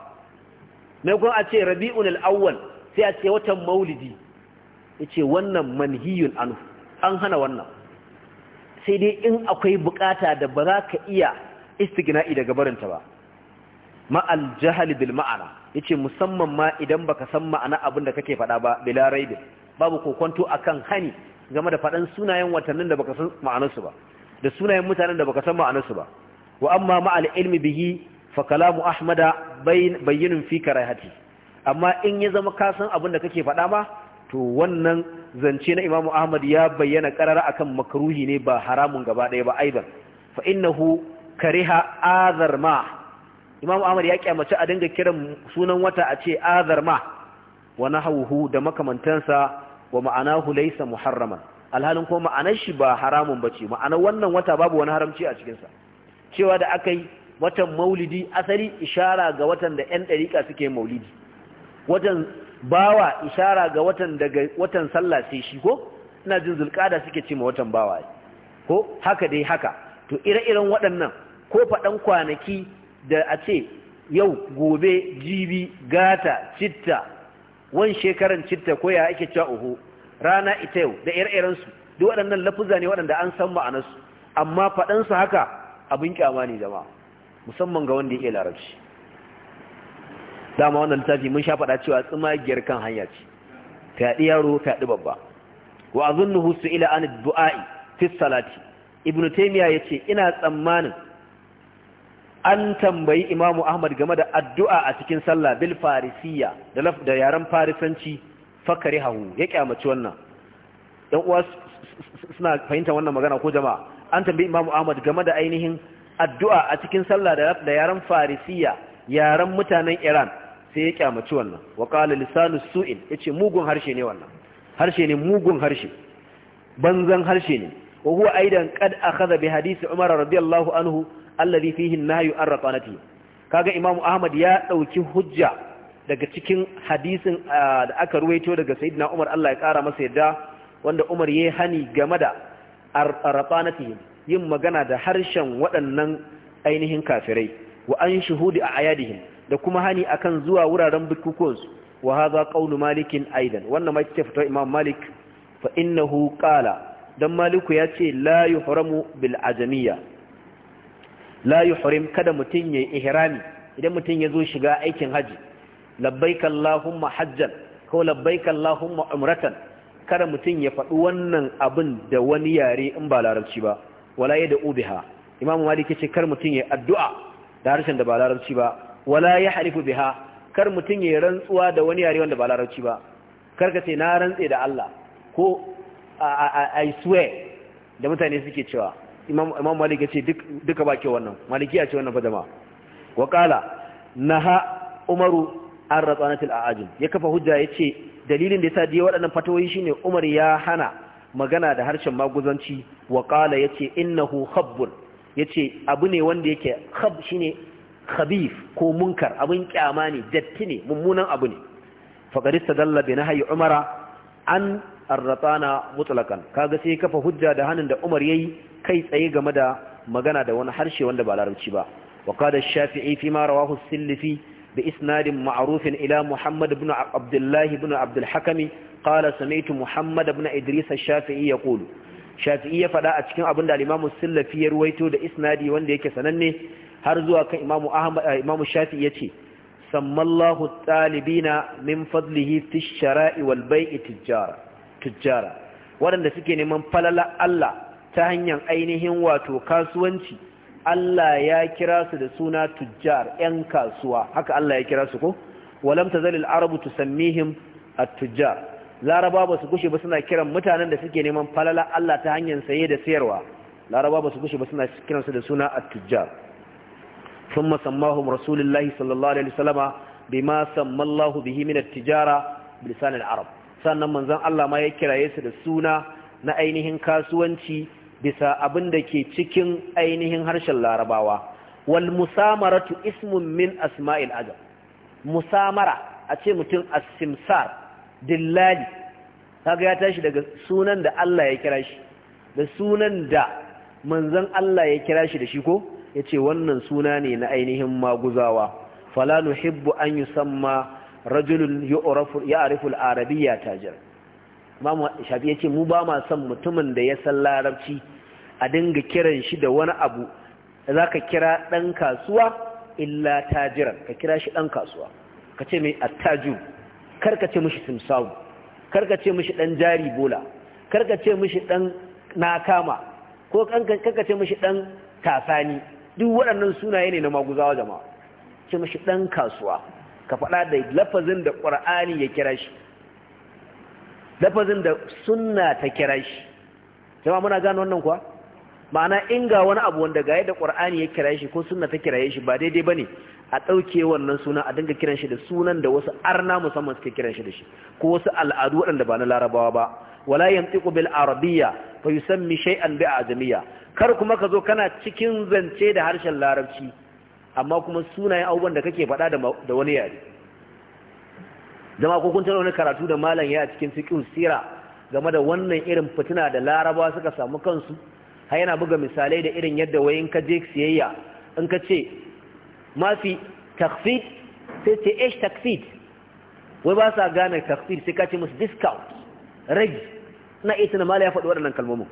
maimakon a ce rabiul awwal sai a ce watan maulidi yace wannan manhiyun anu an hana wannan sai dai in akwai bukata da ba za ka iya istighna'i daga barinta ba ma'al jahali bil ma'ana yace musamman ma idan baka san ma'ana abin da kake faɗa ba bila raibi babu kokonto akan hani game da faɗan sunayen watannin da baka san ma'anarsu ba da sunayen mutanen da baka san ma'anarsu ba wa amma ma'al ilmi bihi fa kalamu ahmada bayyinun fi karahati amma in ya zama ka san abin da kake faɗa ma to wannan zance na imamu ahmad ya bayyana karara akan makruhi ne ba haramun gaba ɗaya ba aiban fa innahu kariha azar ma imamu ahmad ya kyamace a dinga kiran sunan wata a ce azar ma wa nahawuhu da makamantansa wa ma'anahu laysa muharraman alhalin kuma ma'anar shi ba haramun bace ma'ana wannan wata babu wani haramci a cikinsa. cewa da aka yi watan maulidi asali ishara ga watan da 'yan ɗarika suke maulidi wajen bawa ishara ga watan daga watan sallah sai shi ko ina jin zulqada suke ce ma watan bawa ko haka dai haka to ire-iren waɗannan ko faɗan kwanaki da a ce yau gobe jibi gata citta wan shekaran citta ko ya ake cewa oho rana ita yau da ire-iren su duk waɗannan lafuza ne waɗanda an san ma'anarsu amma faɗan su haka abin kyama ne jama'a musamman ga wanda ya iya larabci dama wannan littafi mun sha faɗa cewa giyar kan hanya ce fyaɗi yaro fyaɗi babba wa azunnuhu ila an du'a'i fi salati ibnu ya ce ina tsammanin an tambayi imamu ahmad game da addu'a a cikin sallah bil farisiya da da yaran farisanci hahu. ya kyamaci wannan ɗan uwa suna fahimtar wannan magana ko jama'a an tambayi imamu ahmad game da ainihin addu'a a cikin sallah da yaran Farisiya yaren mutanen iran sai ya kyamaci wannan wa ƙala lisanu su'in ce mugun harshe ne wannan harshe ne mugun harshe banzan harshe ne wa huwa aidan a kaza bi hadisi umar radiyallahu anhu alladhi fihi an-nahyu an raqanati kaga imam ahmad ya ɗauki hujja daga cikin hadisin ah, da aka ruwaito daga sayyidina umar Allah ya kara masa yadda wanda umar yayi hani game da raqanati yin magana da harshen waɗannan ainihin kafirai wa an shuhudi a ayadihim da kuma hani akan zuwa wuraren bukukuwansu wa haza qawlu malikin aidan wannan ma ce fito imam malik fa innahu qala dan maliku ya ce la yuhramu bil ajamiyya la yuhrim kada mutun yayi ihrami idan mutun zo shiga aikin haji labbaik allahumma hajjan ko labbaik allahumma umratan kada mutun ya faɗi wannan abin da wani yare in ba larabci ba wala yad'u biha imam malik ya ce kar mutun yi addu'a da harshen da ba larabci ba wala ya harifu biha kar mutum ya rantsuwa da wani yare wanda ba larabci ba kar ka ce na rantse da Allah ko i swear da mutane suke cewa imam imam malik yace duk duka ba ke wannan malikiya ce wannan fa jama'a wa qala naha umaru an ratsanatil a'ajin ya kafa hujja yace dalilin da yasa dai waɗannan fatawoyi shine umar ya hana magana da harshen maguzanci wa qala yace innahu khabbun yace abu ne wanda yake khab shine khabif ko munkar abin kyama ne datti ne mummunan abu ne faqad istadalla bi nahyi umara an arratana mutlaqan kaga sai kafa hujja da hanin da umar yayi kai tsaye game da magana da wani harshe wanda ba larabci ba wa qala shafi'i fi ma rawahu as-silfi bi isnadin ma'rufin ila muhammad ibn abdullah ibn abd al-hakim qala sami'tu muhammad ibn idris ash-shafi'i yaqulu shafi'i ya faɗa a cikin abin da al-imamu sillafi ya ruwaito da isnadi wanda yake sananne har zuwa kan imamu ahmad eh, imamu shafi'i yace sammallahu talibina min fadlihi fi shara'i wal bai'i tijara tijara waɗanda suke neman falala Allah ta hanyar ainihin wato kasuwanci Allah ya kira su da suna tujjar ‘yan kasuwa, haka Allah ya kira su ko? Walam ta zalil arabu tu sammihim a tujjar, laraba ba su gushe ba suna kiran mutanen da suke neman falala Allah ta hanyar saye da sayarwa laraba ba su gushe ba suna kiransu da suna at-tujjar thumma sammahum rasulullahi sallallahu alaihi wasallama bima sammallahu bihi min at-tijara bilisan al-arab sannan manzon Allah ma ya kiraye su da suna na ainihin kasuwanci bisa abin da ke cikin ainihin harshen larabawa wal musamaratu ismun min asma'il ajab musamara a ce mutum as-simsar dillali kaga ya tashi daga sunan da Allah ya kira shi da sunan da manzon Allah ya kira shi da shi ko yace wannan suna ne na ainihin maguzawa fala Hibbu an yusamma rajulun yu'rafu ya'rifu al-arabiyya tajir mamu Shafi yace mu ba ma son mutumin da ya san larabci a dinga kiran shi da wani abu zaka kira dan kasuwa illa tajiran ka kira shi dan kasuwa kace mai attaju karka ce mishi simsawu karka ce mishi dan jari bola karka ce mishi dan nakama ko karka ce mishi dan tasani, duk waɗannan sunaye ne na maguzawa jama'a ce mishi dan kasuwa ka faɗa da lafazin da ƙur'ani ya kira shi lafazin da sunna ta kira shi jama'a muna gano wannan kuwa ma'ana in ga wani abu wanda ga yadda ƙur'ani ya kira shi ko sunna ta kiraye shi ba daidai ba ne. a ɗauke wannan suna a dinga kiran shi da sunan da wasu arna musamman suke kiran shi da shi ko wasu al'adu waɗanda ba na larabawa ba wala yamtiqu bil arabiyya fa yusammi shay'an bi ajamiyya kar kuma ka zo kana cikin zance da harshen larabci amma kuma sunayen abubuwan da kake faɗa da wani yare zama ko kun wani karatu da malam ya a cikin fiqh sira game da wannan irin fitina da larabawa suka samu kansu har yana buga misalai da irin yadda wai in ka je siyayya in ka ce ma fi takfid sai ce ish takfid wai ba sa gane takfid sai ka ce musu discount rage na iya tuna mala ya faɗi waɗannan kalmomin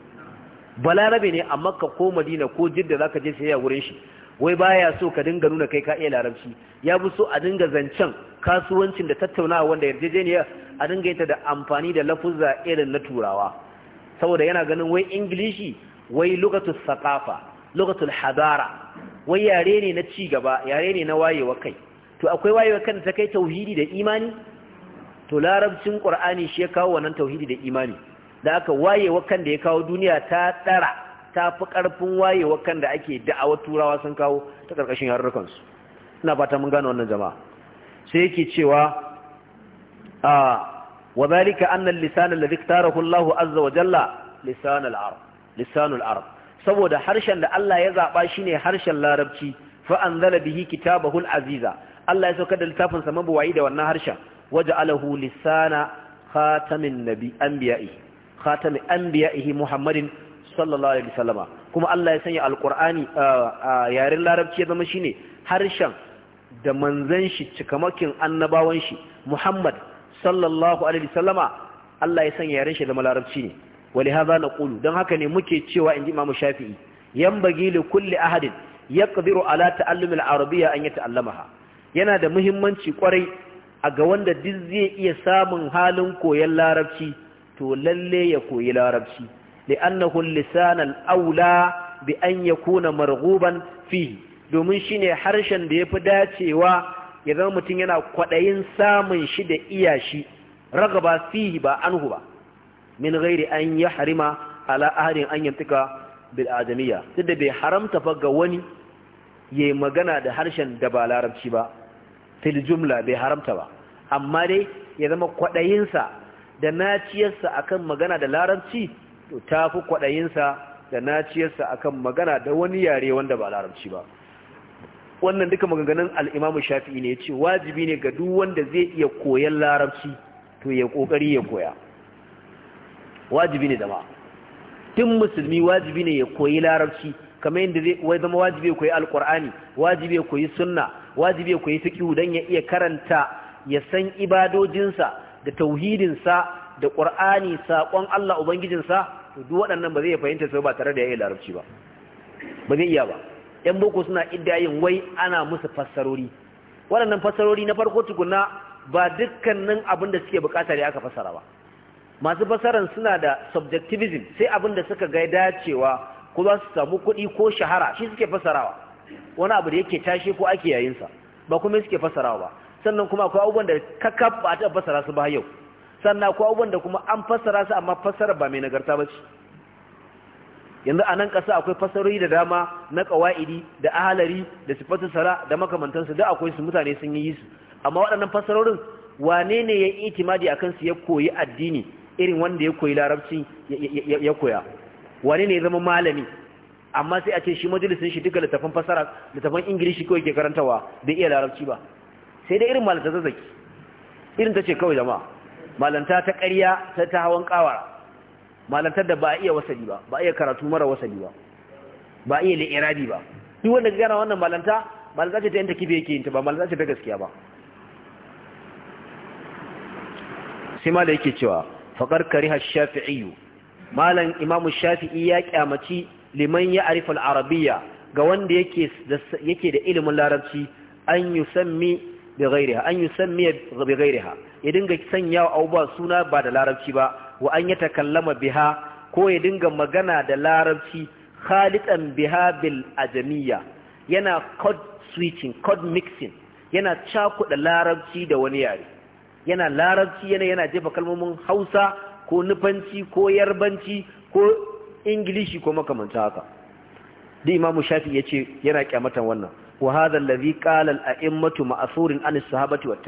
balarabe ne a makka ko madina ko jidda za ka je sai ya wurin shi wai baya so ka dinga nuna kai ka iya larabci ya fi so a dinga zancen kasuwancin da tattaunawa wanda yarjejeniya a dinga yata da amfani da lafuzza irin na turawa saboda yana ganin wai ingilishi wai lokacin sakafa lokacin hadara wai yare ne na ci gaba yare ne na wayewa kai to akwai wayewa kan ta kai tauhidi da imani to larabcin qur'ani shi ya kawo wannan tauhidi da imani da aka wayewa kan da ya kawo duniya ta tsara ta fi karfin wayewa kan da ake da'awa turawa sun kawo ta karkashin yarurrukan su ina fata mun gane wannan jama'a sai yake cewa a wa zalika anna al-lisan alladhi ikhtarahu Allahu azza wa jalla lisan al-arab lisan al-arab saboda harshen da Allah ya zaɓa shine harshen larabci fa zala bihi kitabahul aziza Allah ya sauka da littafinsa sa mabuwayi da wannan harshen waja'alahu lisana khatamin nabi anbiya'i khatamin anbiya'ihi Muhammadin sallallahu alaihi wasallama kuma Allah ya sanya alqur'ani yaren larabci ya zama shine harshen da manzon shi cikamakin annabawan shi Muhammad sallallahu alaihi wasallama Allah ya sanya yaren shi zama larabci ne wali haza na ƙulu don haka ne muke cewa in ji imamu shafi'i yan bagi li kulli ahadin ya ala ta'allumin arabiya an ya ta'allamaha yana da muhimmanci kwarai a ga wanda duk zai iya samun halin koyon larabci to lalle ya koyi larabci li'annahu lisanal aula bi an yakuna marghuban fihi domin shine harshen da yafi dacewa ya zama mutum yana kwadayin samun shi da iya shi ragaba fihi ba anhu ba min ghairi an yahrima ala ahadin an yamtika bil adamiyya tunda bai haramta fa ga wani yayi magana da harshen da ba larabci ba fil jumla bai haramta ba amma dai ya zama kwaɗayinsa da naciyarsa akan magana da larabci to ta tafi kwaɗayinsa da naciyarsa akan magana da wani yare wanda ba larabci ba wannan duka maganganun al'imamu shafi'i ne ya ce wajibi ne ga duk wanda zai iya koyan larabci to ya ƙoƙari ya koya wajibi ne dama tun musulmi wajibi ne ya koyi larabci kamar yadda zai zama wajibi ya koyi alkur'ani wajibi ya koyi sunna wajibi ya koyi fiqh dan ya iya karanta ya san ibadojinsa da tauhidinsa da qur'ani sakon Allah ubangijinsa to duk waɗannan ba zai fahimta sai ba tare da ya yi larabci ba ba zai iya ba yan boko suna iddayin wai ana musu fassarori waɗannan fassarori na farko tukunna ba dukkanin abin da suke bukata da aka fassara ba masu fasaran suna da subjectivism sai abin da suka ga dacewa ko za su samu kuɗi ko shahara shi suke fasarawa wani abu da yake tashi ko ake yayinsa ba kuma suke fasarawa ba sannan kuma akwai abubuwan da kakaf ba a taɓa fasara su ba yau sannan akwai abubuwan da kuma an fasara su amma fasara ba mai nagarta ba ce yanzu a nan ƙasa akwai fasarori da dama na ƙawa'idi da ahalari da sifatu sara da makamantansu da akwai su mutane sun yi su amma waɗannan fasarorin wane ne ya yi itimadi a kansu ya koyi addini irin wanda ya koyi larabci ya koya wani ne zama malami amma sai a ce shi majalisun shi duka littafin fasara littafin ingilishi kawai ke karantawa bai iya larabci ba sai dai irin malanta zazzaki irin ta ce kawai jama'a malanta ta ƙarya ta ta hawan ƙawara malantar da ba a iya wasali ba ba a iya karatu mara wasali ba ba a iya li'irabi ba duk wanda gana wannan malanta malanta ce ta yanta kibe yake yinta ba malanta ce ta gaskiya ba sai ma da yake cewa faƙar kariha shafi'iyu malam imamu shafi'i ya kyamaci liman ya arifa arabiya ga wanda yake da ilimin larabci an yi sammi da gairiha an yi sammi gairiha ya dinga sanya wa abubuwa suna ba da larabci ba wa an ya kallama biha ko ya dinga magana da larabci khalitan biha bil ajamiya yana code switching code mixing yana cakuɗa larabci da wani yare yana larabci yana yana jefa kalmomin hausa ko nufanci ko yarbanci ko ingilishi ko makamanta haka da imamu shafi ya ce yana kyamatan wannan wa hadha allazi a al a'immatu Anis an sahabati wat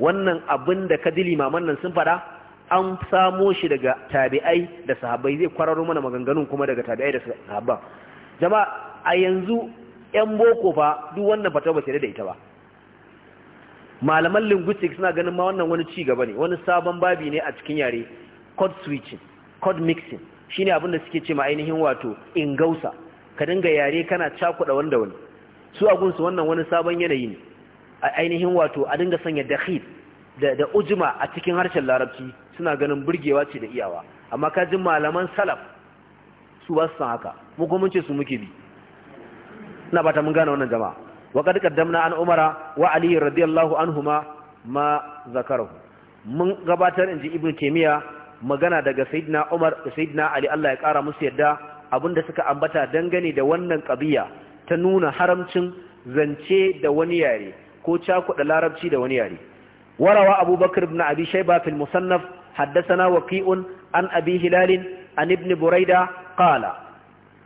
wannan abin da ka dili maman nan sun fada an samo shi daga tabi'ai da sahabai zai kwararo mana maganganun kuma daga tabi'ai da sahabban jama'a a yanzu yan boko fa duk wannan fatawa ba sai da ita ba malaman linguistics suna ganin ma wannan wani cigaba ne wani sabon babi ne a cikin yare code switching code mixing shine abin da suke ce ma ainihin wato ingausa ka dinga yare kana cakuɗa wanda wani su a gunsu wannan wani sabon yanayi ne a ainihin wato a dinga sanya dakhil da da ujma a cikin harshen larabci suna ganin burgewa ce da iyawa amma ka ji malaman salaf su ba su san haka mu kuma mun ce su muke bi ina ba ta mun gane wannan jama'a وقد قدمنا عن عمر وعلي رضي الله عنهما ما ذكره من غباتر انجي ابن تيميه magana daga sayyidina Umar da sayyidina Ali Allah ya kara musu yadda abinda suka ambata dangane da wannan kabiya ta nuna haramcin zance da wani yare ko cakuɗa larabci da wani yare warawa abubakar ibn abi shayba fil musannaf haddathana waqi'un an abi hilal an ibn buraida qala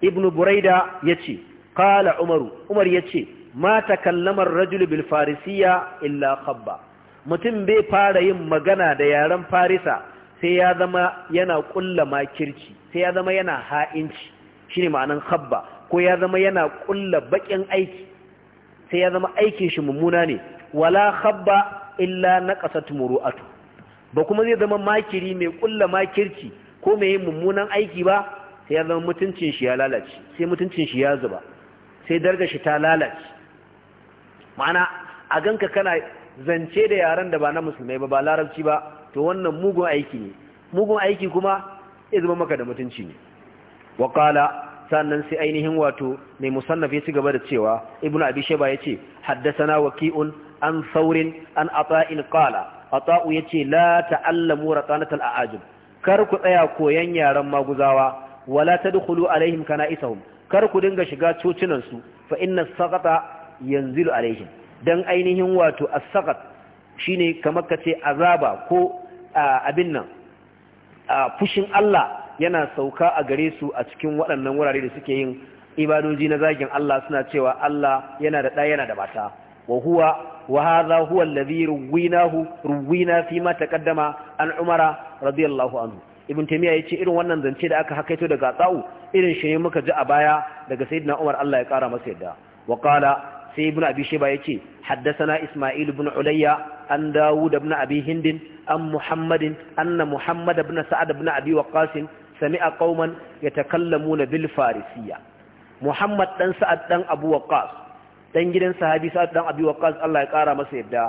ibn buraida yace qala umar umar yace ma ta kallamar rajulu bil farisiya illa kabba, mutum bai fara yin magana da yaren farisa sai ya zama yana kulla makirci sai ya zama yana ha'inci shine ma'anan kabba, ko ya zama yana kulla bakin aiki sai ya zama aikin shi mummuna ne wala kabba illa naqasat muru'atu ba kuma zai zama makiri mai kulla makirci ko mai yin mummunan aiki ba sai ya zama mutuncin shi ya lalace sai mutuncin shi ya zuba sai darga shi ta lalace ma'ana a ganka kana zance da yaren da ba na musulmai ba ba larabci ba to wannan mugun aiki ne mugun aiki kuma ya zama maka da mutunci ne wa sannan sai ainihin wato mai musannaf ya ci gaba da cewa ibnu abi shayba yace haddathana waqi'un an saurin an ata'in qala ata'u yace la ta'allamu ratanatal a'ajib kar ku tsaya koyan yaren maguzawa wala ta tadkhulu alaihim kana'isahum kar ku dinga shiga cocinan su fa inna saqata yanzilu alaihim dan ainihin wato as-saqat shine kamar kace azaba ko abin nan fushin Allah yana sauka a gare su a cikin waɗannan wurare da suke yin ibadoji na zagin Allah suna cewa Allah yana da ɗaya yana da mata wa huwa wa hadha huwa alladhi ruwinahu ruwina fi ma taqaddama an Umara radiyallahu anhu ibn taymiya yace irin wannan zance da aka hakaito daga tsau irin shi ne muka ji a baya daga sayyidina Umar Allah ya kara masa yadda wa qala sai ibn abi shayba yace haddathana isma'il ibn ulayya an dawud ibn abi hindin an muhammadin anna muhammad ibn sa'ad ibn abi waqas sami'a qauman yatakallamuna bil farisiyya muhammad dan sa'ad dan abu waqas dan gidan sahabi sa'ad dan abi waqas Allah ya kara masa yadda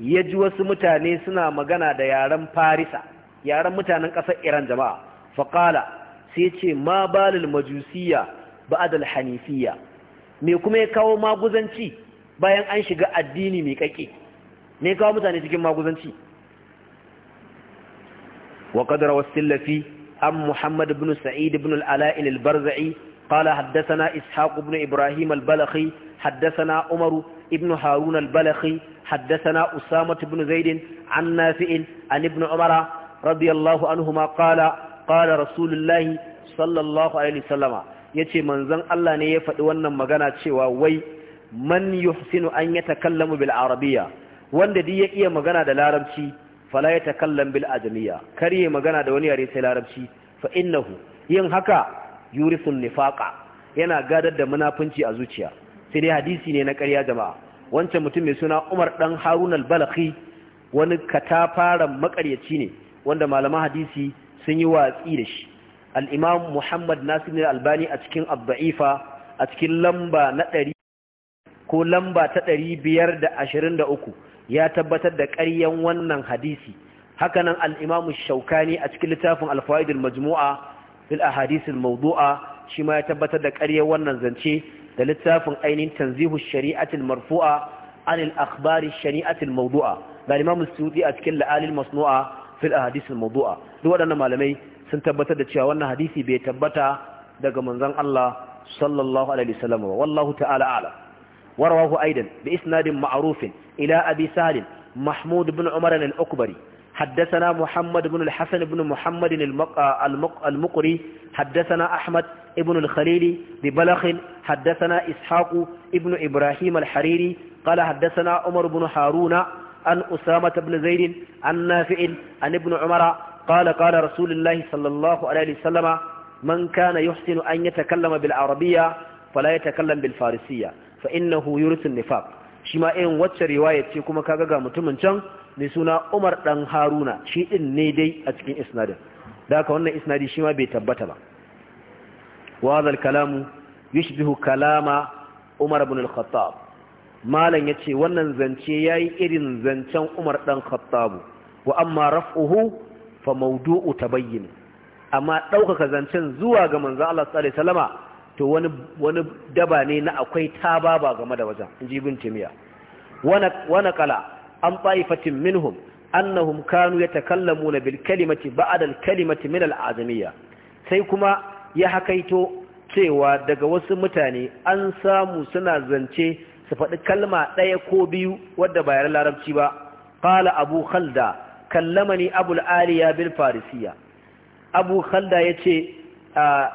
yaji wasu mutane suna magana da yaren farisa yaren mutanen kasar iran jama'a faqala sai ce ma balil majusiyya ba'd al hanifiyya me kuma ya kawo maguzanci bayan an shiga addini mai kake me kawo mutane cikin maguzanci wa qadara wasillafi am muhammad ibn sa'id ibn al-ala'il al-barza'i qala haddathana ishaq ibn ibrahim al-balakhi haddathana umaru ibnu harun al-balakhi haddathana usama ibn zaid an nafi' an ibn umara radiyallahu anhuma qala qala rasulullahi sallallahu alaihi wasallama Ya ce manzon Allah ne ya faɗi wannan magana cewa wai man yuhsinu an yatakallamu bil arabiyya wanda duk ya iya magana da larabci fala ya yatakallam bil ajamiyya kar ya magana da wani yare sai larabci fa innahu yin haka yurisun nifaqa yana gadar da munafunci a zuciya sai dai hadisi ne na karya jama'a wancan mutum mai suna Umar dan Harun al wani katafaren makaryaci ne wanda malaman hadisi sun yi watsi da shi al'imam muhammad nasir albani a cikin abba'ifa a cikin lamba na ɗari ko lamba ta ɗari biyar da ashirin da uku ya tabbatar da ƙaryan wannan hadisi hakanan alimamu shaukani a cikin littafin alfawidul majmu'a fil ahadisul maudu'a, shi ma ya tabbatar da ƙaryan wannan zance da littafin ainihin tanzihu shari'atul marfu'a anil akhbari shari'atul maudu'a da imam sudi a cikin la'alil masnu'a fil ahadisul maudu'a. duk waɗannan malamai sun tabbatar da cewa wannan hadisi bai tabbata daga manzon Allah sallallahu alaihi wasallam wallahu ta'ala a'lam warawahu aidan bi isnadin ma'ruf ila abi salim mahmud ibn umar al-akbari حدثنا محمد بن الحسن بن محمد المقري حدثنا أحمد ابن الخليل ببلخ حدثنا إسحاق ابن إبراهيم الحريري قال حدثنا عمر بن هارون عن أسامة بن زيد عن نافع عن ابن عمر qala qala rasulullahi sallallahu alaihi wasallama man kana yuhsinu an yatakallama bil arabiyya fala yatakallam bil farisiyya fa innahu yurisu nifaq shi ma irin wacce riwaya ce kuma kaga ga mutumin can mai suna Umar ɗan Haruna shi ne dai a cikin isnadin da haka wannan isnadi shi bai tabbata ba wa hadha al kalamu yushbihu kalama Umar ibn al-Khattab malan yace wannan zance yayi irin zancen Umar ɗan Khattab wa amma raf'uhu fa mawdu'u tabayyin amma ɗaukaka zancen zuwa ga manzo Allah sallallahu alaihi wasallama to wani wani daba ne na akwai taba ba game da wajen inji ibn timiya wana wana kala an ta'ifatin minhum annahum kanu yatakallamuna bil kalimati ba'da al kalimati min al azmiya sai kuma ya hakaito cewa daga wasu mutane an samu suna zance su faɗi kalma ɗaya ko biyu wadda ba yare larabci ba qala abu khalda kallamani abul aliya bil farisiya abu khalda ya ce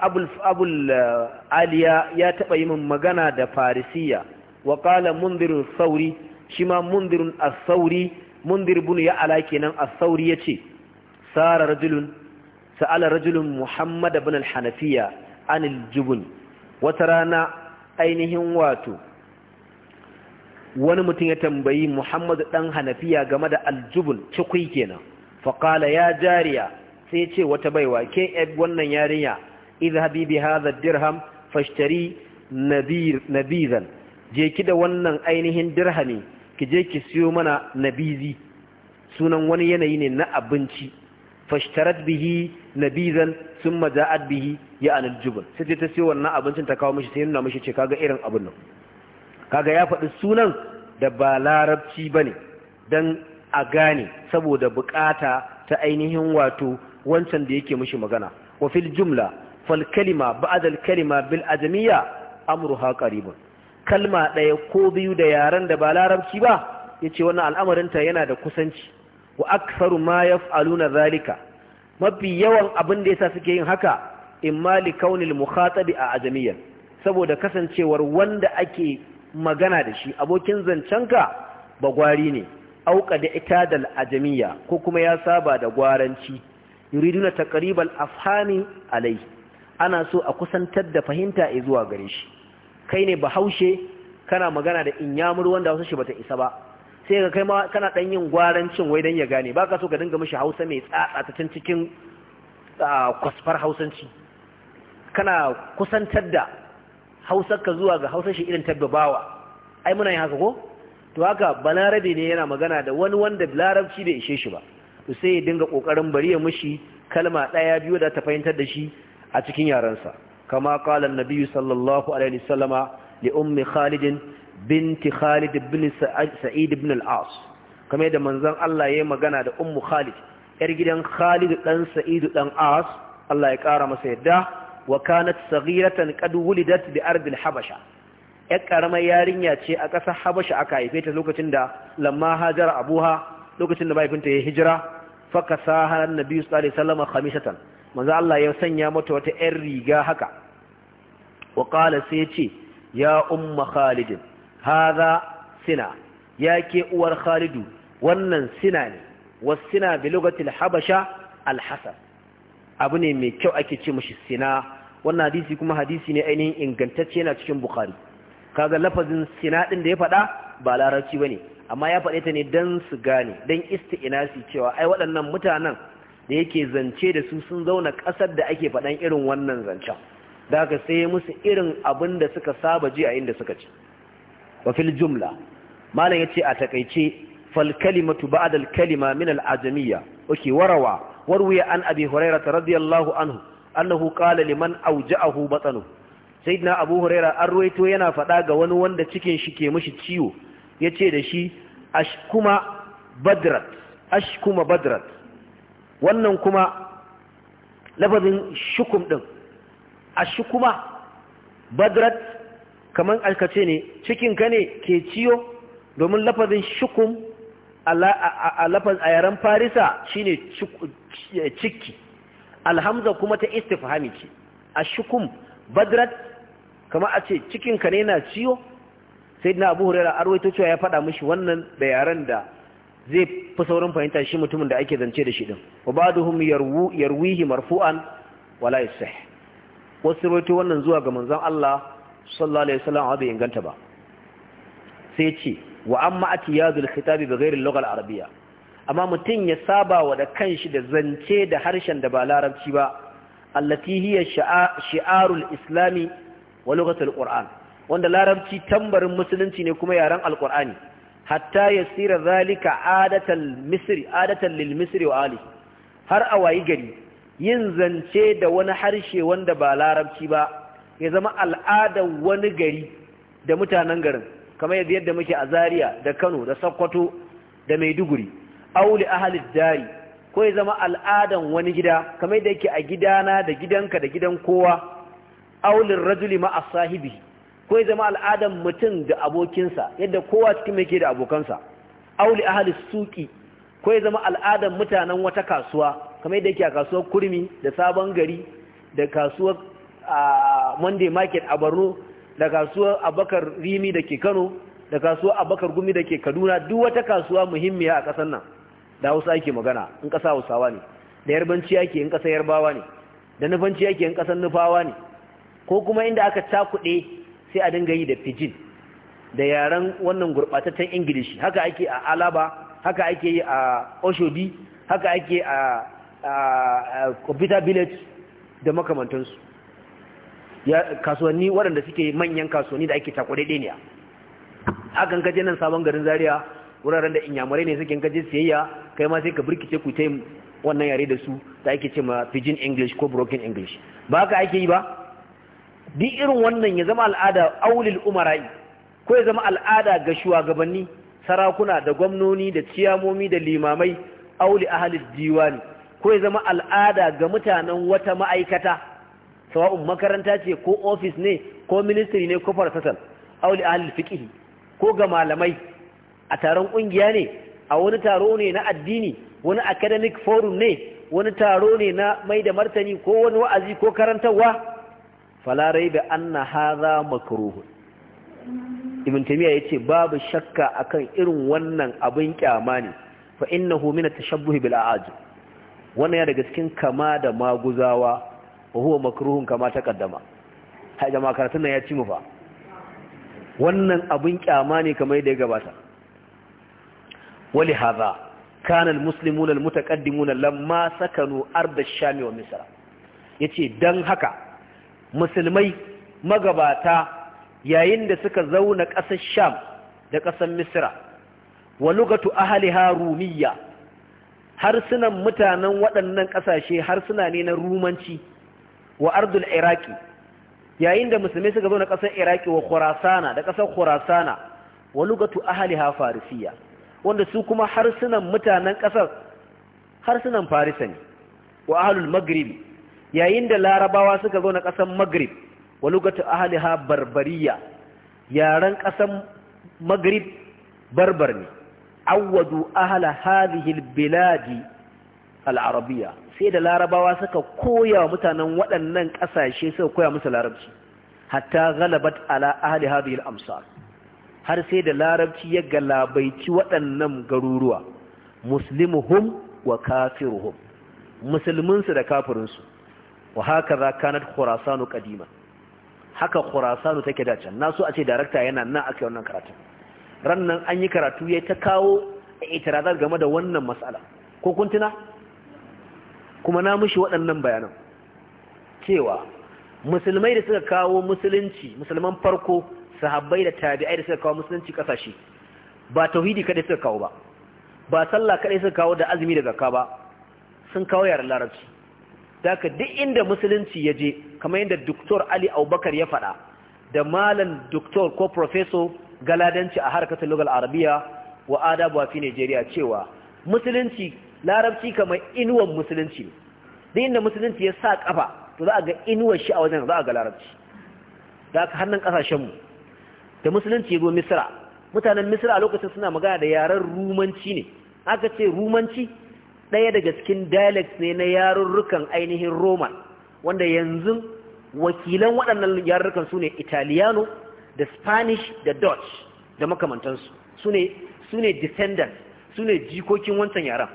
abul eh, aliya ya taɓa yi min magana da farisiya wa ƙala mundirin sauri shi ma mundirin asauri mundir bunu ya ala kenan asauri ya ce rajulun sa'ala rajulun muhammad bin al-hanafiya anil jubun wata rana ainihin wato wani mutum ya tambayi muhammadu ɗan hanafiya game da aljubun cikui kenan faƙala ya jariya sai ce wata baiwa ke wannan yarinya izhabi bi hadha dirham fashtari nabizan je ki da wannan ainihin dirhami ki je ki siyo mana nabizi sunan wani yanayi ne na abinci fashtarat bihi nabizan sun maja'ad bihi ya aljubun sai ta siyo wannan abincin ta kawo mishi sai nuna mishi ce kaga irin abin nan kaga ya faɗi sunan da ba larabci ba ne don a gane saboda bukata ta ainihin wato wancan da yake mushi magana wa fil jumla fal kalima ba'da kalima bil ajamiyya amruha qaribun kalma ɗaya ko biyu da yaren da ba larabci ba yace wannan al'amarin ta yana da kusanci wa aktharu ma yaf'aluna zalika mafi yawan abin da yasa suke yin haka imma li kaunil mukhatabi a ajamiyan saboda kasancewar wanda ake magana da shi abokin zancenka bagwari ne auka da ita da al'ajamiya ko kuma ya saba da gwaranci yuriduna taqribal afhami alai ana so a kusantar da fahimta zuwa gare shi kai ne bahaushe kana magana da inyamur wanda wasu shi bata isa ba sai ga kai ma kana dan yin gwarancin wai dan ya gane baka so ka dinga mishi Hausa mai tsatsa ta cikin ah, kwasfar Hausanci kana kusantar da hausarka zuwa ga hausar shi irin tabbabawa ai muna yin haka ko to haka balarabe ne yana magana da wani wanda larabci bai ishe shi ba to sai ya dinga kokarin bari ya mushi kalma daya biyu da ta fahimtar da shi a cikin yarensa kama qala an-nabi sallallahu alaihi wasallama li ummi khalid binti khalid ibn sa'id ibn al-as kamar da manzon Allah yi magana da ummu khalid yar gidan khalid dan sa'id dan as Allah ya kara masa yadda wa kanat saghiratan qad wulidat bi ardil habasha ya karamar yarinya ce a ƙasar habasha aka haife ta lokacin da lamma hajara abuha lokacin da mahaifinta ya hijira faka saha nabi sallallahu alaihi wasallam khamisatan manzo Allah ya sanya mata wata ƴar riga haka wa qala sai ya ce ya umma khalid hadha sina yake uwar khalidu wannan sina ne wasina bi lugatil habasha al abu ne mai kyau ake ce mishi sina wannan hadisi kuma hadisi ne ainihin ingantacce yana cikin bukhari kaga lafazin sinadin da ya faɗa ba larabci bane amma ya faɗe ta ne dan su gane dan isti'nasi cewa ai waɗannan mutanen da yake zance da su sun zauna ƙasar da ake faɗan irin wannan zancen da haka sai musu irin abin da suka saba ji a inda suka ci wa fil jumla malam yace a takeice fal kalimatu ba'da al kalima min al ajamiyya okay warawa warwiya an abi hurairah radiyallahu anhu annahu qala liman awja'ahu batanu sayyidina abu huraira an ruwaito yana faɗa ga wani wanda cikin shi ke mishi ciwo yace da shi ash ashkuma badrat kuma badrat wannan kuma lafazin shukum din kuma badrat kaman alkace ne cikin ka ne ke ciwo domin lafazin shukum a lafaz a yaren farisa shine ciki alhamza kuma ta istifhami ce ashukum badrat kama a ce cikin ka ne na ciwo Sai abu hurairah arwaito cewa ya faɗa mashi wannan da yaren da zai fi saurin fahimta shi mutumin da ake zance da shi din wa da yarwu yarwihi marfu'an wala yasih wasu rawaito wannan zuwa ga manzon Allah sallallahu alaihi wasallam bai inganta ba sai ce wa amma atiyadul khitab bi ghairi al al amma mutum ya saba wa da kanshi da zance da harshen da ba larabci ba allati hiya shi'arul islami wa lughatul qur'an wanda larabci tambarin musulunci ne kuma yaren alqur'ani hatta yasira zalika adatan misri adatan lil misri wa ali har a wayi gari yin zance da wani harshe wanda ba larabci ba ya zama al'adar wani gari da mutanen garin kamar yadda muke a Zaria da Kano da Sokoto da Maiduguri auli ahalin dari ko ya zama al'adan wani gida kamar da yake a gidana da gidanka da gidan kowa aulin rajuli ma sahibi ko ya zama al'adan mutum da abokinsa yadda kowa cikin mai ke da abokansa auli ahalin suki ko ya zama al'adan mutanen wata kasuwa kamar yadda yake a kasuwar kurmi da sabon gari da kasuwar monday market a borno da kasuwar abakar rimi da ke kano da kasuwar abakar gumi da ke kaduna duk wata kasuwa muhimmiya a ƙasar nan da hausa ake magana in ƙasa hausawa ne da yarbanci ake in ƙasa yarbawa ne da nufanci ake in ƙasar nufawa ne ko kuma inda aka cakuɗe sai a dinga yi da pidgin da yaren wannan gurɓataccen ingilishi haka ake a alaba haka ake yi a oshodi haka ake a computer village da makamantansu kasuwanni waɗanda suke manyan kasuwanni da ake cakuɗe ɗeniya hakan kaje nan sabon garin zaria wuraren da inyamurai ne suke in kaje siyayya kai ma sai ka birkice ku tayi wannan yare da su da ake ce ma pidgin english ko broken english ba haka ake yi ba duk irin wannan ya zama al'ada aulil umara'i ko ya zama al'ada ga shugabanni sarakuna da gwamnoni da ciyamomi da limamai auli ahalid diwani ko ya zama al'ada ga mutanen wata ma'aikata sawa'un makaranta ce ko ofis ne ko ministry ne ko farsasal auli ahalil fiqh ko ga malamai a taron ƙungiya ne a wani taro ne na addini wani academic forum ne wani taro ne na mai da martani ko wani wa'azi ko karantarwa falarai da anna haza makaruhu ibn tamiya yace babu shakka akan irin wannan abin kyama ne fa innahu min at bil a'aj wannan ya daga cikin kama da maguzawa wa huwa makruhun kama ta kaddama hai jama'a nan ya ci mu fa wannan abin kyama ne kamar da ya gabata ولهذا كان المسلمون المتقدمون لما سكنوا أرض الشام ومصر يتي دن haka musulmai magabata yayin da suka zauna ƙasar sham da ƙasar misra wa lugatu ahliha rumiyya harsunan mutanen waɗannan ƙasashe harsuna ne na rumanci wa ardul iraki yayin da musulmai suka zauna ƙasar iraki wa khurasana da ƙasar khurasana wa lugatu ahliha farisiyya wanda su kuma harsunan mutanen ƙasar harsunan farisa ne wa ahlul yayin da larabawa suka zo na ƙasar magrib wa lugatu ahliha barbariya yaran ƙasar magrib barbar ne awwadu ahla hadhihi albiladi alarabiyya sai da larabawa suka koya wa mutanen waɗannan ƙasashe suka koya musu larabci hatta ghalabat ala ahli hadhihi alamsar har sai da larabci ya galabaici waɗannan garuruwa muslimuhum wa kafiruhum musulminsu da kafirinsu wa haka za kanat khurasanu kadima haka khurasanu take da can nasu a ce darakta yana nan aka yi wannan karatu rannan an yi karatu ya ta kawo itirazar game da wannan matsala ko kuntuna kuma na mushi waɗannan bayanan cewa musulmai da suka kawo musulunci musulman farko sahabbai da tabi'ai da suka kawo musulunci kasashe ba tauhidi kada suka kawo ba ba sallah kada suka kawo da azumi da ka ba sun kawo yaren larabci daga duk inda musulunci ya je kamar yadda doktor ali abubakar ya faɗa da malam doktor ko profeso galadanci a harkatar lugal arabiya wa adabu fi nigeria cewa musulunci larabci kamar inuwan musulunci duk inda musulunci ya sa kafa to za a ga inuwar shi a wajen za a ga larabci da aka hannun kasashenmu da musulunci ya zo Misira. mutanen Misira a lokacin suna magana da yaren rumanci ne aka ce rumanci ɗaya daga cikin dialect ne na yarurrukan ainihin roman wanda yanzu wakilan waɗannan yarurrukan su ne italiano da spanish da dutch da makamantansu su ne descendants su ne jikokin wancan yaren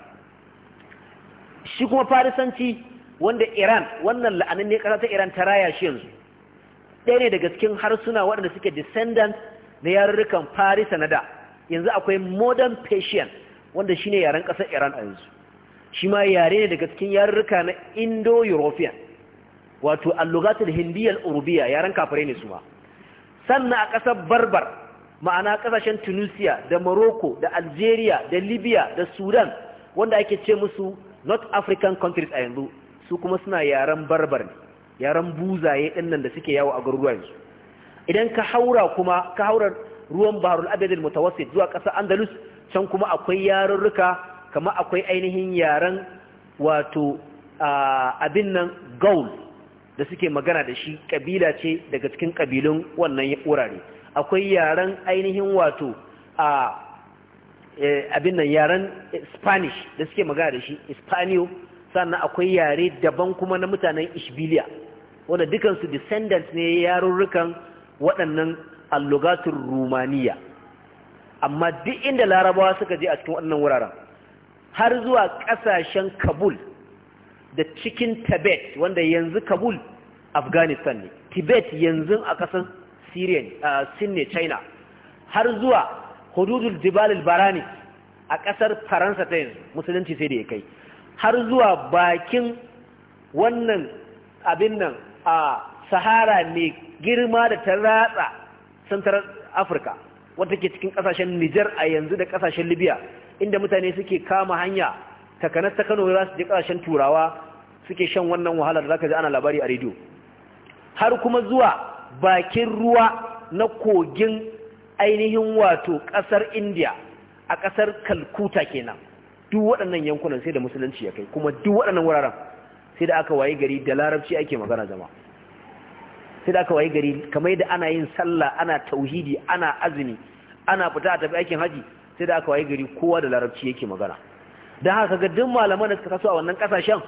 shi kuma farisanci wanda Iran wannan la'anin ne ƙasa ta Iran ta raya shi yanzu ɗaya ne daga cikin harsuna waɗanda suke descendant na yarurrukan Paris na da yanzu akwai modern Persian wanda shine yaren ƙasar Iran a yanzu shi ma yare ne daga cikin yarurruka na Indo-European wato al-lughatul hindiyyal urbiya yaren kafare ne su ma sannan a ƙasar Barbar ma'ana ƙasashen Tunisia da Morocco da Algeria da Libya da Sudan wanda ake ce musu North African countries a yanzu su kuma suna yaren barbar ne yaren buzaye ɗinnan da suke yawo a garuruwa yanzu idan ka haura kuma ka haura ruwan baharul abedin mutawassit zuwa ƙasar andalus can kuma akwai yarurruka kama akwai ainihin yaren wato abin nan gaul da suke magana da shi kabila ce daga cikin kabilun wannan wurare akwai yaren ainihin wato a eh, abin nan yaren spanish da suke magana da shi Spaniyo. sannan akwai yare daban kuma na mutanen ishbiliya wanda dukansu descendants ne yarurrukan waɗannan allogatun rumaniya amma duk inda larabawa suka je a cikin waɗannan wuraren har zuwa ƙasashen kabul da cikin tibet wanda yanzu kabul afghanistan ne tibet yanzu a ƙasar sin ne china har zuwa hududul jibal barani a ƙasar faransa ta yanzu musulunci sai da ya kai har zuwa bakin wannan abin nan a sahara mai girma da ta ratsa santarar afirka wata ke cikin kasashen nijar a yanzu da kasashen libya inda mutane suke kama hanya takanas ta kano za su je kasashen turawa suke shan wannan wahalar za ka ji ana labari a rediyo har kuma zuwa bakin ruwa na kogin ainihin wato kasar india a kasar kalkuta kenan duk waɗannan yankunan sai da musulunci ya kai kuma duk waɗannan wuraren sai da aka waye gari da larabci ake magana zama sai da aka waye gari kamar da ana yin sallah ana tauhidi ana azumi ana fita a tafi aikin haji sai da aka waye gari kowa da larabci yake magana don haka ga duk malaman da suka kaso a wannan kasashen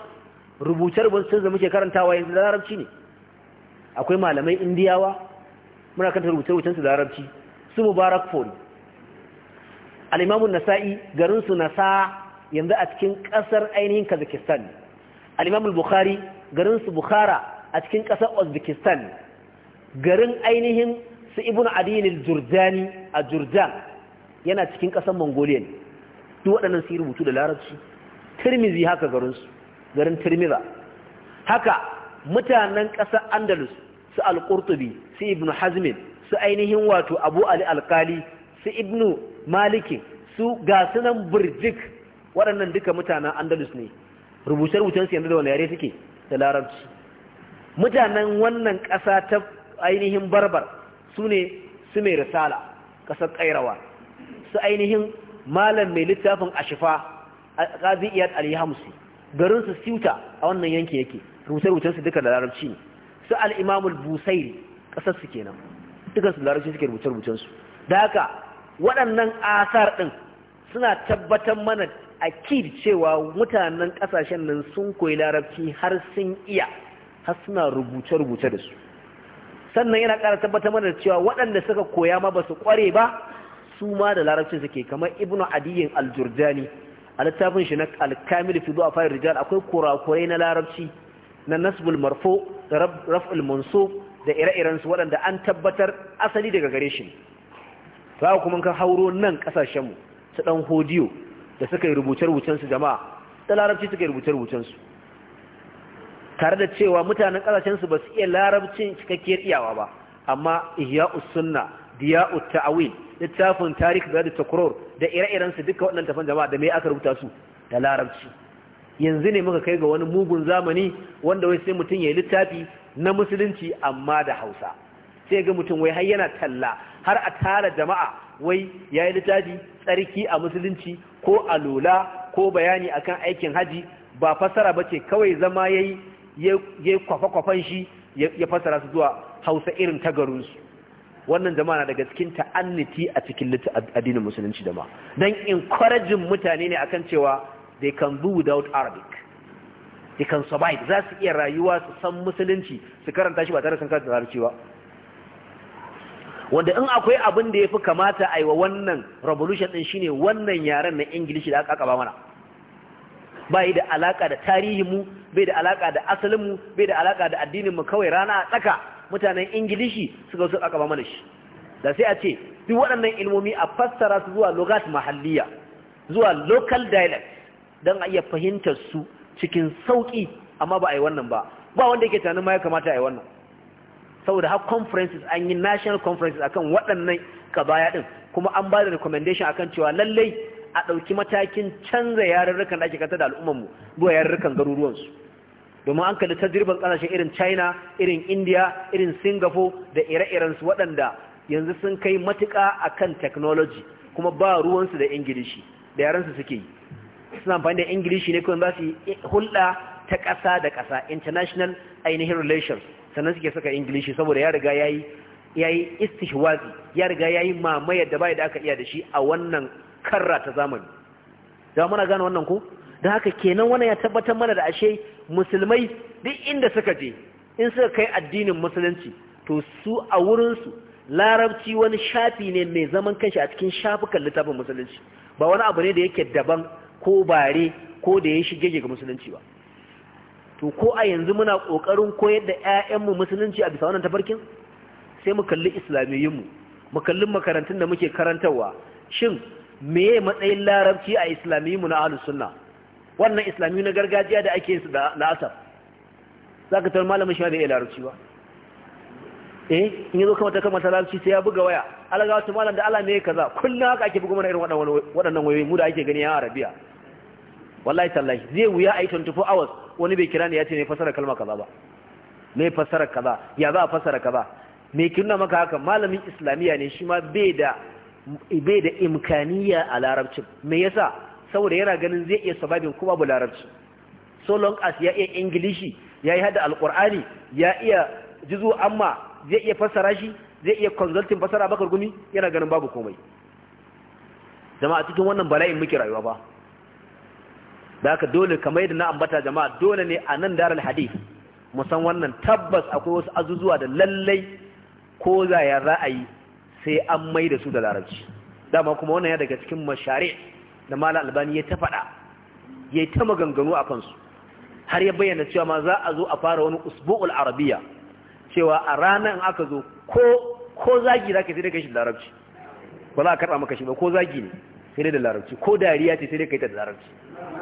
rubuce-rubuce sun zama ke karantawa yanzu da larabci ne akwai malamai indiyawa muna kanta rubuce-rubucen su da larabci su mubarak fori al'imamun nasa'i garinsu Nasaa. yanzu a cikin ƙasar ainihin Kazakhstan al bukhari garin su Bukhara a cikin ƙasar Uzbekistan garin ainihin su Ibn Adi jurjani a Jurjan yana cikin kasar Mongolia ne duk waɗannan su rubutu da Larabci Tirmizi haka garin su garin Tirmiza haka mutanen ƙasar Andalus su al su Ibn Hazmin su ainihin wato Abu Ali Alkali, su Ibn Maliki, su gasunan birjik waɗannan duka mutanen andalus ne rubuce-rubucensu yanzu da wani yare suke da larabci mutanen wannan ƙasa ta ainihin barbar su ne su mai risala ƙasar ƙairawa su ainihin malam mai littafin ashifa a ƙazi'iyar alhamsi garinsu siuta a wannan yanki yake rubuce-rubucensu duka da larabci ne su al'imamul busairi su kenan dukansu da larabci suke rubuce-rubucensu da haka waɗannan asar ɗin suna tabbatar mana akid cewa mutanen kasashen nan sun koyi larabci har sun iya har suna rubuce-rubuce da su sannan yana ƙara tabbata mana cewa waɗanda suka koya ma ba su ƙware ba su ma da larabci suke kamar ibnu adiyin aljurjani a littafin shi na alkamil fi zuwa fayar rijal akwai kurakurai na larabci na nasbul marfo da raf'ul munso da ire irensu waɗanda an tabbatar asali daga gare shi ba kuma ka hauro nan ƙasashenmu su ɗan hodiyo da suka yi rubuce-rubucensu jama'a da larabci suka yi rubuce-rubucensu tare da cewa mutanen ƙasashensu ba su iya larabcin cikakkiyar iyawa ba amma ihya'us sunna diya'ut ta'awil littafin tarihi da takror da ire-iren su duka waɗannan tafan jama'a da me aka rubuta su da larabci yanzu ne muka kai ga wani mugun zamani wanda wai sai mutum ya yi littafi na musulunci amma da Hausa sai ga mutum wai har yana talla har a tara jama'a wai ya yi littafi tsarki a musulunci ko alula ko bayani akan aikin haji ba fasara ba ce kawai zama ya yi kwafa-kwafan shi ya fasara su zuwa hausa irin ta wannan jama'a na daga cikin ta'anniti a cikin addinin musulunci da ma don encouraging mutane ne akan cewa they can do without arabic they can survive za su iya rayuwa su san musulunci su karanta shi ba tare da sun karanta ba wanda in akwai abin da ya fi kamata a yi wa wannan revolution ɗin shine wannan yaren na ingilishi da aka ba mana bai da alaka da tarihinmu bai da alaka da asalinmu bai da alaka da addininmu kawai rana a tsaka mutanen ingilishi suka su aka ba mana shi da sai a ce duk waɗannan ilmomi a fassara su zuwa logat mahalliya zuwa local dialect don a iya fahimtar su cikin sauƙi amma ba a yi wannan ba ba wanda yake tunanin ma ya kamata a yi wannan saboda har conferences an yi national conferences akan waɗannan kabaya ɗin, kuma an ba da recommendation akan cewa lallai a ɗauki matakin canza yarurrukan da ake kanta da mu, zuwa yarurrukan garuruwansu domin an kalli tajirban ƙasashen irin china irin india irin singapore da ire-irensu waɗanda yanzu sun kai matuka a kan technology kuma ba ruwansu da ingilishi da yaransu suke yi suna amfani da ingilishi ne kuma za su yi hulɗa ta ƙasa da ƙasa international ainihin relations sannan suke saka ingilishi saboda ya riga ya yi istihwazi ya riga ya yi mamayar da bai da aka iya da shi a wannan karra ta zamani da muna gane wannan ku? da haka kenan wannan ya tabbatar mana da ashe musulmai duk inda suka je in suka kai addinin musulunci to su a wurinsu larabci wani shafi ne mai zaman kanshi a cikin shafukan littafin musulunci ba wani abu ne da yake daban ko bare ko da ya shige ga musulunci ba to ko a yanzu muna kokarin koyar da ƴaƴanmu musulunci a bisa wannan tafarkin sai mu kalli islamiyyinmu mu kalli makarantun da muke karantarwa shin meye matsayin larabci a mu na ahlus sunna wannan islamiyyu na gargajiya da ake su da la'asar zaka tar malamin shi bai iya larabci ba eh in yazo kamar ta mata larabci sai ya buga waya alaga wata malam da Allah ne kaza kullun haka ake buga mana irin waɗannan wayoyi mu da ake gani a Arabiya wallahi tallahi zai wuya a yi 24 hours wani bai kira ne ya ce mai fasara kalma kaza ba mai fasara kaza ya za a fasara kaza mai kirna maka haka malamin islamiyya ne shi ma bai da imkaniya a larabcin me yasa saboda yana ganin zai iya sababin kuma bu larabci so long as ya iya ingilishi ya yi hada alkur'ani ya iya jizu amma zai iya fassara shi zai iya consulting fassara bakar gumi yana ganin babu komai jama'a cikin wannan bala'in muke rayuwa ba daka haka dole kamar yadda na ambata jama'a dole ne a nan daral hadith musan wannan tabbas akwai wasu azuzuwa da lallai ko zaya ra'ayi sai an mai da su da larabci dama kuma wannan ya daga cikin mashari da mala albani ya ta faɗa ya ta maganganu a kansu har ya bayyana cewa ma za a zo a fara wani usbu'ul arabiya cewa a ranar aka zo ko ko zagi za ka sai dai kai shi da larabci ba za a karɓa maka shi ba ko zagi ne sai da larabci ko dariya ce sai ka kai ta da larabci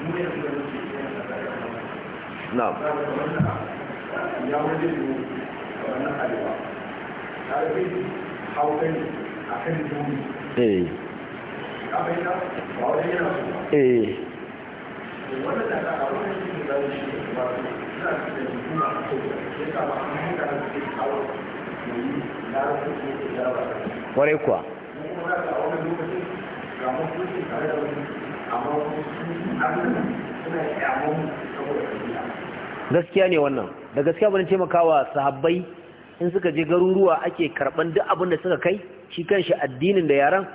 ya ne a kan eh ba wani yana su ba eh da da shi ba su na da hukuma a kai ya ba da kawo na kwarai kuwa gaskiya ne wannan da gaskiya bane taimakawa sahabbai in suka je garuruwa ake karban duk abin da suka kai shi kanshi addinin da yaran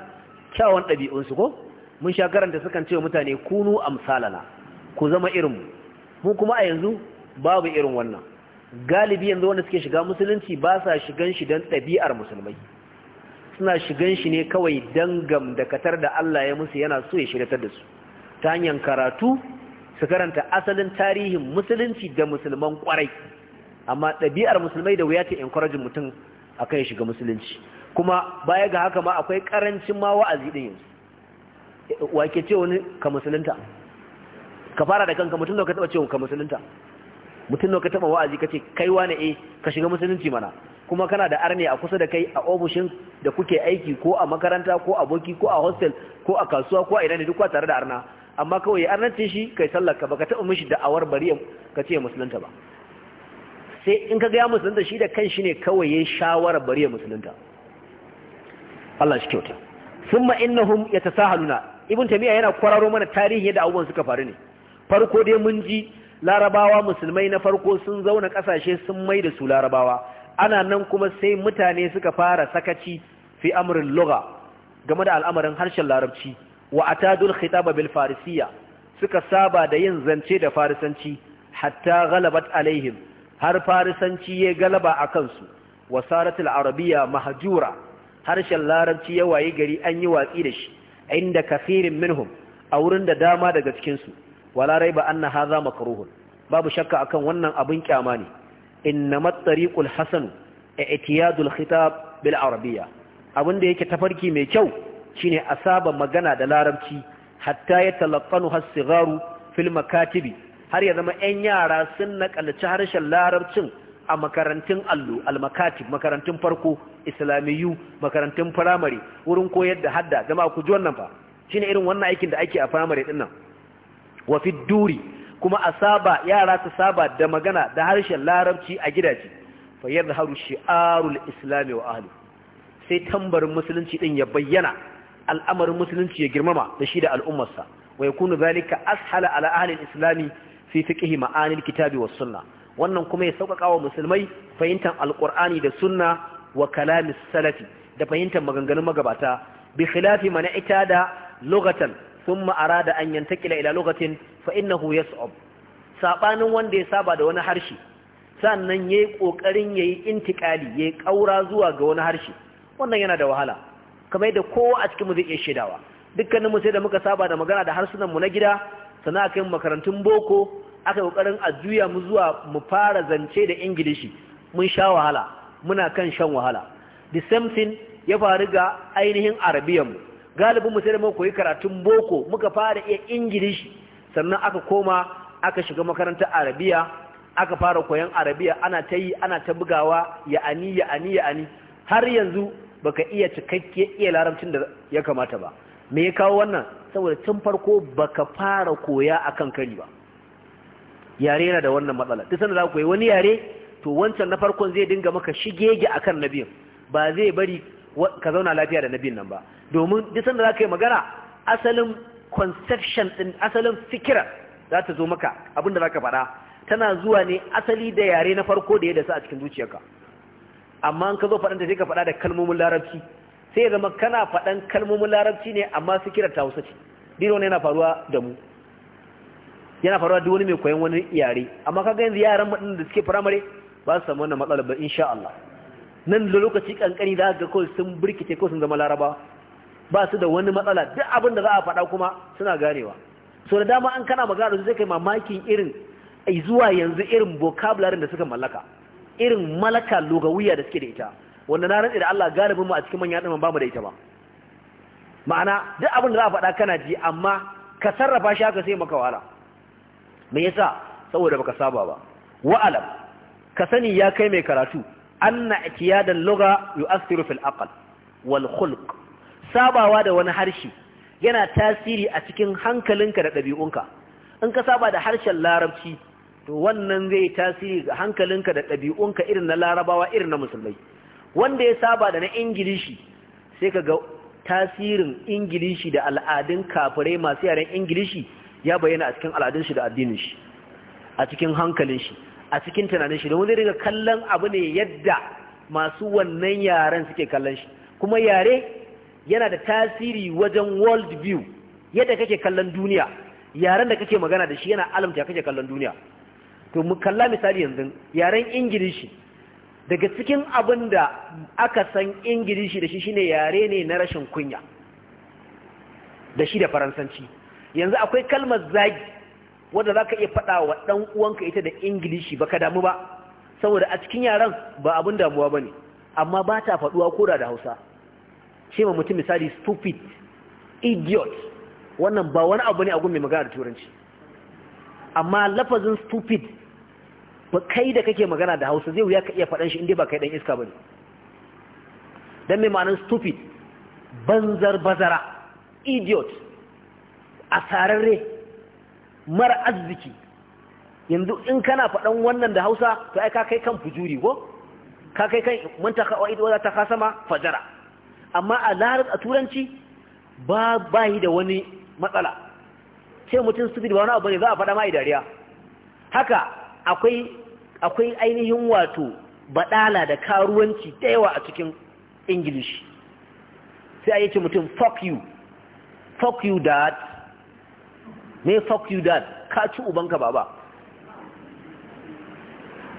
kyawun ɗabi'unsu ko mun sha karanta sukan ce wa mutane kunu amsalana ku zama irin mu kuma a yanzu babu irin wannan galibi yanzu wanda suke shiga musulunci ba sa shigan shi don ɗabi'ar musulmai suna shigan shi ne kawai dangam da katar da Allah ya musu yana so ya shirya da su ta hanyar karatu su karanta asalin tarihin musulunci da musulman kwarai amma ɗabi'ar musulmai da wuya ta encourage mutum a kan shiga musulunci kuma baya ga haka ma akwai karancin ma wa'azi din yanzu Wa ke ce wani ka musulunta ka fara da kanka mutum da ka taba cewa ka musulunta mutum da ka taɓa wa'azi ce kai wane eh ka shiga musulunci mana kuma kana da arne a kusa da kai a ofishin da kuke aiki ko a makaranta ko aboki ko a hostel ko a kasuwa ko a ina ne duk tare da arna amma kawai ya arnace shi kai sallar ka baka taba mishi da'awar bari ka ce musulunta ba sai in ka ga ya musulunta shi da kan shi ne kawai ya shawara bari ya musulunta Allah shi kyauta summa innahum yatasahaluna ibn tamiya yana kwararo mana tarihi yadda abubuwan suka faru ne farko dai mun ji larabawa musulmai na farko sun zauna kasashe sun mai da su larabawa ana nan kuma sai mutane suka fara sakaci fi amrin game da al'amarin harshen larabci wa atadul khitaba bil farisiyya suka saba da yin zance da farisanci hatta galabat alaihim har farisanci ya galaba a kansu wasaratul arabiyya mahjura harshen larabci ya waye gari an yi watsi da shi inda kafirin minhum a wurin da dama daga cikinsu wala raiba anna haza makruhun babu shakka akan wannan abin kyama ne innama tariqul hasan i'tiyadul khitab bil arabiyya abinda yake tafarki mai kyau shine a saba magana da larabci hatta ya talaqqanu has-sigharu fil makatibi har ya zama 'yan yara sun nakalci harshen larabcin a makarantun allo almakatib makarantun farko islamiyu makarantun firamare wurin koyar da hadda zama ku ji wannan fa shine irin wannan aikin da ake a firamare din nan wa fi duri kuma a saba yara su saba da magana da harshen larabci a gidaje fa yadhharu shi'arul islami wa ahli sai tambarin musulunci din ya bayyana al'amarin musulunci ya girmama da shi da al'ummarsa wa yakunu zalika ashala ala ahli islami fi fiqhi ma'anil kitabi was sunnah wannan kuma ya sauƙaƙa wa musulmai fahimtar alƙur'ani da sunna wa kalamis salafi da fahimtar maganganun magabata bi khilafi mana ita da lugatan da أراد أن ila lokacin fa'innahu فإنه يصعب Saɓanin wanda ya saba da wani harshe sannan ƙoƙarin ya yayi intikali yayi ƙaura zuwa ga wani harshe wannan yana da wahala kamar yadda kowa a cikin mu zai iya shaidawa. Dukkaninmu mu sai da muka saba da magana da harsunanmu na gida sannan aka yi makarantun boko aka yi kokarin a juya mu zuwa mu fara zance da ingilishi mun sha wahala muna kan shan wahala the same thing ya faru ga ainihin Arabiyanmu. mu galibin mu sai da muka yi karatun boko muka fara iya ingilishi sannan aka koma aka shiga makarantar arabiya aka fara koyon arabiya ana ta yi ana ta bugawa ya ani ya ani ya ani har yanzu baka iya cikakke iya larabcin da ya kamata ba me ya kawo wannan saboda tun farko baka fara koya akan kari ba yare yana da wannan matsala duk sanda za ku yi wani yare to wancan na farkon zai dinga maka shigege akan nabiyin ba zai bari ka zauna lafiya da nabiyin nan ba domin duk sanda za ka yi magana asalin conception din asalin fikira za ta zo maka abin za ka faɗa tana zuwa ne asali da yare na farko da ya dasa a cikin zuciyarka amma an ka zo faɗanta sai ka faɗa da kalmomin larabci sai ya zama kana faɗan kalmomin larabci ne amma fikirar ta hausa ce dino wani yana faruwa da mu yana faruwa duk wani mai koyon wani yare amma kaga yanzu yaran maɗin da suke firamare ba su samu wannan matsalar ba insha Allah nan da lokaci kankani za ga kawai sun birkice ko sun zama laraba ba su da wani matsala duk abin da za a faɗa kuma suna ganewa so da dama an kana magana da su sai kai mamakin irin zuwa yanzu irin vocabulary da suka mallaka irin malaka lugawiya da suke da ita wanda na rantsi da Allah galibin a cikin manyan ɗin ba mu da ita ba ma'ana duk abin da za a faɗa kana ji amma ka sarrafa shi haka sai maka wahala me yasa saboda baka saba ba wa'alam ka sani ya kai mai karatu anna itiyadan Loga yu'athiru fil Aqal, wal khulq sabawa da wani harshe yana tasiri a cikin hankalinka da ɗabi'unka in ka saba da harshen larabci to wannan zai tasiri ga hankalinka da ɗabi'unka irin na larabawa irin na musulmai wanda ya saba da na ingilishi sai ka ga tasirin ingilishi da al'adun kafirai masu yaren ingilishi ya bayyana a cikin al'adun shi da addinin shi a cikin hankalin a cikin tunanin shi domin zai riga kallon abu ne yadda masu wannan yaren suke kallon shi kuma yare yana da tasiri wajen world view yadda kake kallon duniya yaren da kake magana da shi yana alamta kake kallon duniya to mu kalla misali yanzu yaren ingilishi daga cikin abin da aka san ingilishi da shi shine yare ne na rashin kunya da shi da faransanci yanzu akwai kalmar zagi wadda za ka iya faɗa wa ɗan uwanka ita da ingilishi ba ka damu ba saboda a cikin yaren ba abin damuwa ba ne amma ba ta faɗuwa koda da hausa ce ma mutum misali stupid idiot wannan ba wani abu ne a gumi magana da turanci amma lafazin stupid ba kai da kake magana da hausa zai wuya ka iya faɗan shi inda ba kai ɗan iska ba ne don mai ma'anin stupid banzar bazara idiot asararre mara arziki yanzu in kana faɗan wannan da hausa to ai ka kai kan fujuri ko ka kai kan manta kawai ta kasama fajara amma a larar a turanci ba ba yi da wani matsala ce mutum stupid ba wani abu ne za a faɗa ma dariya haka akwai ainihin wato baɗala da karuwanci da yawa a cikin ingilish sai a yi ce mutum fuck you fuck you dad me fuck you dad ka ci ubanka baba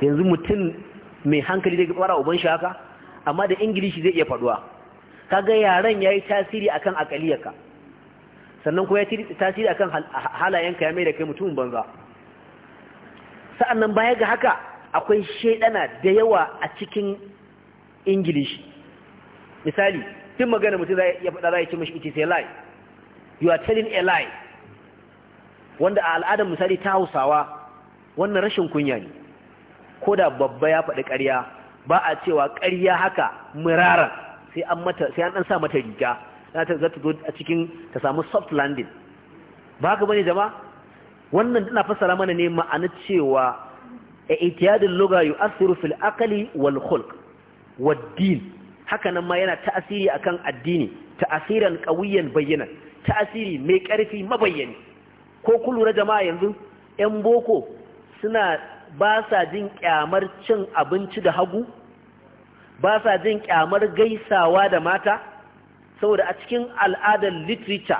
yanzu mutum mai hankali zai fara uban shi haka amma da ingilishi zai iya faɗuwa. kaga yaren yayi tasiri akan akaliyarka sannan kuma yayi tasiri akan halayenka ya mai da kai mutumin banza sa'annan baya ga haka akwai shedana da yawa a cikin ingilishi misali tun magana mutum ya faɗa za ya ce mashi a lie you are telling a lie wanda a al'adar misali ta hausawa wannan rashin kunya ne ko da babba ya faɗi ƙarya ba a cewa ƙarya haka muraran. sai an mata sai an dan sa mata riga za ta zo a cikin ta samu soft landing ba haka bane jama'a wannan tana fassara mana ne ma'anar cewa i'tiyadul lugha yu'athiru fil aqli wal khulq wad din haka nan ma yana ta'asiri akan addini ta'asiran qawiyan bayyana ta'asiri mai karfi mabayyani ko ku lura jama'a yanzu yan boko suna ba sa jin kyamar cin abinci da hagu ba sa jin kyamar gaisawa da mata saboda a cikin al'adar literature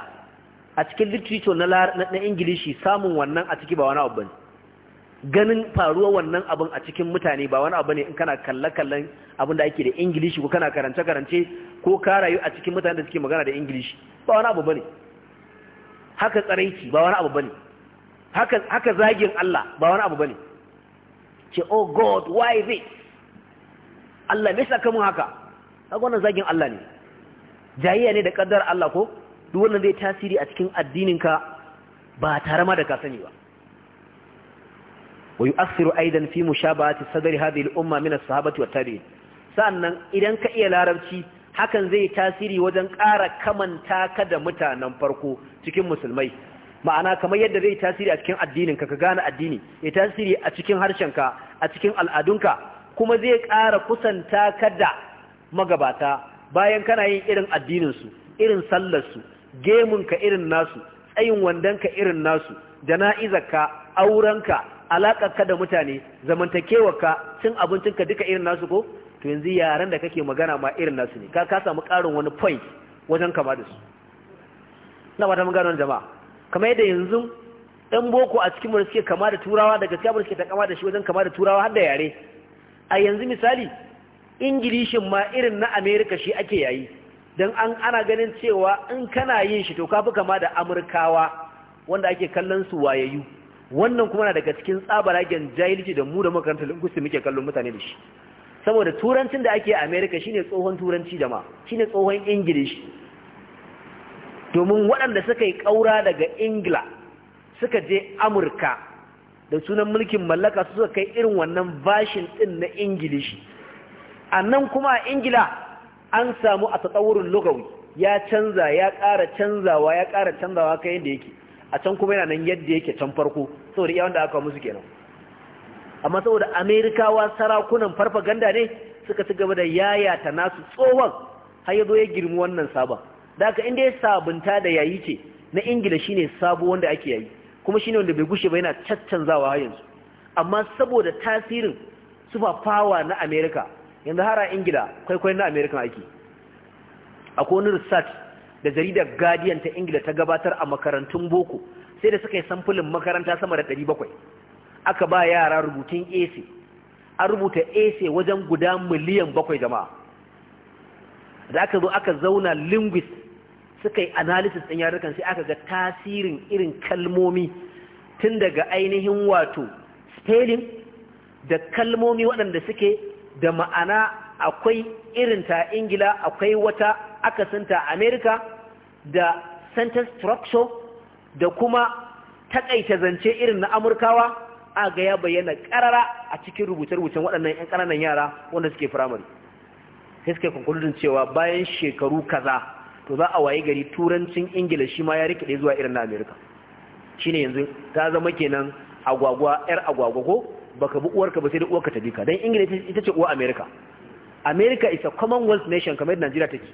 a cikin literature na ingilishi samun wannan a ciki ba wani abu ne ganin faruwa wannan abin a cikin mutane ba wani abu ne in kana kalle-kallen abin da ake da ingilishi ko kana karance-karance ko ka rayu a cikin mutane da suke magana da ingilishi ba wani abu bane haka tsaraici ba wani abu bane haka haka zagin Allah ba wani abu bane ce oh god why this Allah mai yasa kamun haka kaga wannan zagin Allah ne jayayya ne da kaddar Allah ko duk wannan zai tasiri a cikin addinin ka ba tare ma da ka sani ba ويؤثر أيضا في مشابهة صدر هذه الأمة من الصحابة والتابعين sannan idan ka iya larabci hakan zai tasiri wajen ƙara kamanta ka da mutanen farko cikin musulmai ma'ana kamar yadda zai tasiri a cikin addininka ka gane addini ya tasiri a cikin harshenka a cikin al'adunka kuma zai ƙara kusanta ka da magabata bayan kana yin irin addininsu irin sallarsu gemunka irin nasu tsayin wandonka irin nasu jana'izarka aurenka alaƙarka da mutane zamantakewarka cin abincinka duka irin nasu ko to yanzu yaren da kake magana ma irin nasu ne ka ka samu ƙarin wani point wajen kama da su na ba ta magana jama'a kamar yadda yanzu ɗan boko a cikin suke kama da turawa daga gaskiya suke ta kama da shi wajen kama da turawa har da yare a yanzu misali ingilishin ma irin na amerika shi ake yayi don an ana ganin cewa in kana yin shi to kafi kama da amurkawa wanda ake kallon su wayayyu wannan kuma na daga cikin tsabaragen jahilci da mu da makarantar linguistics muke kallon mutane da shi saboda turancin da ake a america shine tsohon turanci da ma shine tsohon Ingilishi, domin waɗanda suka yi ƙaura daga ingila suka je amurka da sunan mulkin mallaka su suka kai irin wannan bashin din na ingilishi a kuma a ingila an samu a tsawurin lugawi ya canza ya ƙara canzawa ya ƙara canzawa kai yadda yake a can kuma yana nan yadda yake can farko saboda iya wanda aka musu kenan amma saboda amerikawa sarakunan farfaganda ne suka ci gaba da yaya ta nasu tsohon har ya zo ya girmi wannan sabon da haka inda ya sabunta da yayi ce na ingila shine sabo wanda ake yayi kuma shine wanda bai gushe ba yana caccanzawa yanzu amma saboda tasirin super power na America yanzu har a Ingila kwaikwai na American ake akwai wani research da jaridar Guardian ta Ingila ta gabatar a makarantun boko sai da suka yi samfulin makaranta sama da 700 aka ba yara rubutun AC an rubuta AC wajen guda miliyan bakwai jama'a da aka zo aka zauna linguist suka yi analysis ɗin yarukan sai aka ga tasirin irin kalmomi tun daga ainihin wato spelling da kalmomi waɗanda suke da ma'ana akwai irin ta ingila akwai wata akasinta amerika da sentence structure da kuma takaita zance irin na amurkawa a ga ya bayyana ƙarara a cikin rubuce-rubucen waɗannan 'yan ƙananan yara wanda suke firamare sai suke konkuludin cewa bayan shekaru kaza to za a waye gari turancin ingila shi ma ya rikide zuwa irin na amerika Shi ne yanzu ta zama kenan agwagwa yar agwagwa ko baka bi uwarka ba sai da uwarka ta bi ka dan ingila ita ce uwa amerika america is a commonwealth nation kamar yadda ta take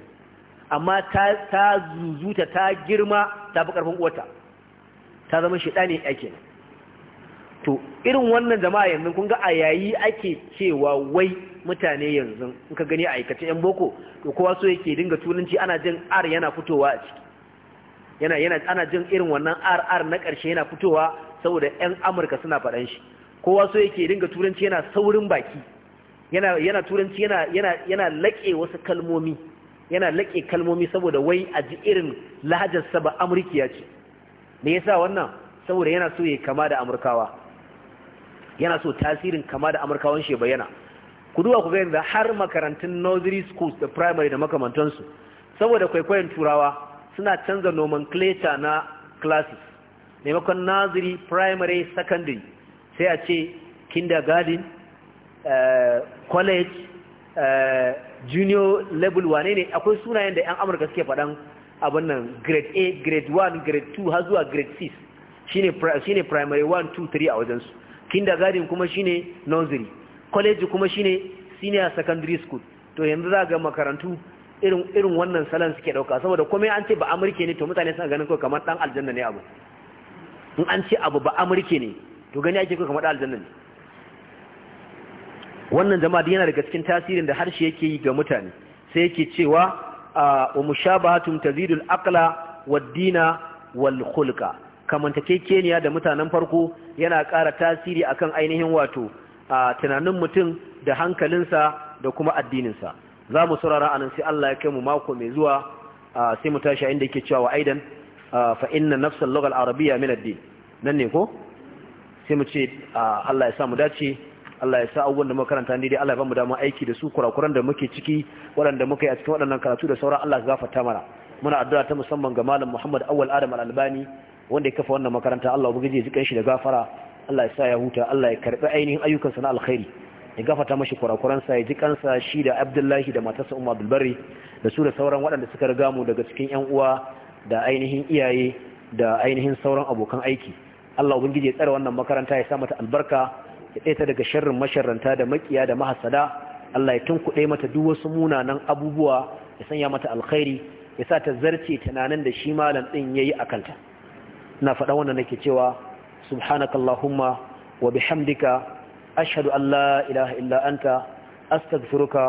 amma ta ta zuzuta ta girma ta bi karfin uwarta ta zama shida ne ake to irin wannan jama'a yanzu kun ga a yayi ake cewa wai mutane yanzu in ka gani a aikace yan boko to kowa so yake dinga tunanci ana jin r yana fitowa a ciki yana yana ana jin irin wannan ar ar na ƙarshe yana fitowa saboda yan amurka suna faɗan shi kowa so yake dinga turanci yana saurin baki yana yana turanci yana yana yana laƙe wasu kalmomi yana laƙe kalmomi saboda wai a ji irin sa ba amurkiya ce me yasa wannan saboda yana so ya kama da amurkawa yana so tasirin kama da amurkawan shi bayyana ku duba ku bayyana har makarantun nursery schools da primary da makamantansu saboda kwaikwayon turawa suna canza nomenclature na classes maimakon nursery primary secondary sai a ce kindergarten uh, college eh, junior level wane ne akwai sunayen da 'yan amurka suke faɗan abin nan grade a grade 1 grade 2 har zuwa grade 6 shine primary 1 2 3 a wajensu kindergarten kuma shine nursery college kuma shine senior secondary school to yanzu za ga makarantu irin irin wannan salon suke dauka saboda komai an ce ba amurke ne to mutane suna ganin ko kamar dan aljanna ne abu in an ce abu ba amurke ne to gani ake ko kamar dan aljanna ne wannan jama'a yana daga cikin tasirin da harshe yake yi ga mutane sai yake cewa ah, wa mushabahatum tazidul aqla wad dina wal khulqa kamantakekeniya da mutanen farko yana ƙara tasiri akan ainihin wato a tunanin mutum da hankalinsa da kuma addininsa za mu saurara anan sai Allah ya kai mu mako mai zuwa sai mu tashi inda yake cewa aidan fa inna nafsal al arabiyya min ad-din nan ne ko sai mu ce Allah ya sa mu dace Allah ya sa abubuwan da makaranta ne dai Allah ya ba mu dama aiki da su kurakuran da muke ciki waɗanda muka yi a cikin waɗannan karatu da sauran Allah ya gafarta mana muna addu'a ta musamman ga malam Muhammad Awwal Adam Al-Albani wanda ya kafa wannan makaranta Allah ubangiji ya jikan shi da gafara Allah ya sa ya huta Allah ya karbi ainihin ayyukansa na alkhairi ya gafata mashi kurakuransa ya ji kansa shi da Abdullahi da matarsa Umma Barri da su da sauran waɗanda suka riga mu daga cikin ƴan uwa da ainihin iyaye da ainihin sauran abokan aiki Allah ubangiji ya tsare wannan makaranta ya sa mata albarka ya tsaita daga sharrin masharranta da makiya da mahasada Allah ya tunkuɗe mata duk wasu munanan abubuwa ya sanya mata alkhairi ya sa ta zarce tunanin da shi malam din ya yi a kanta na faɗa wannan nake cewa subhanakallahumma wa bihamdika ashhadu an la ilaha illa anta astaghfiruka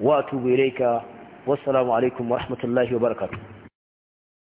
wa atubu ilayka wassalamu alaikum wa rahmatullahi wa barakatuh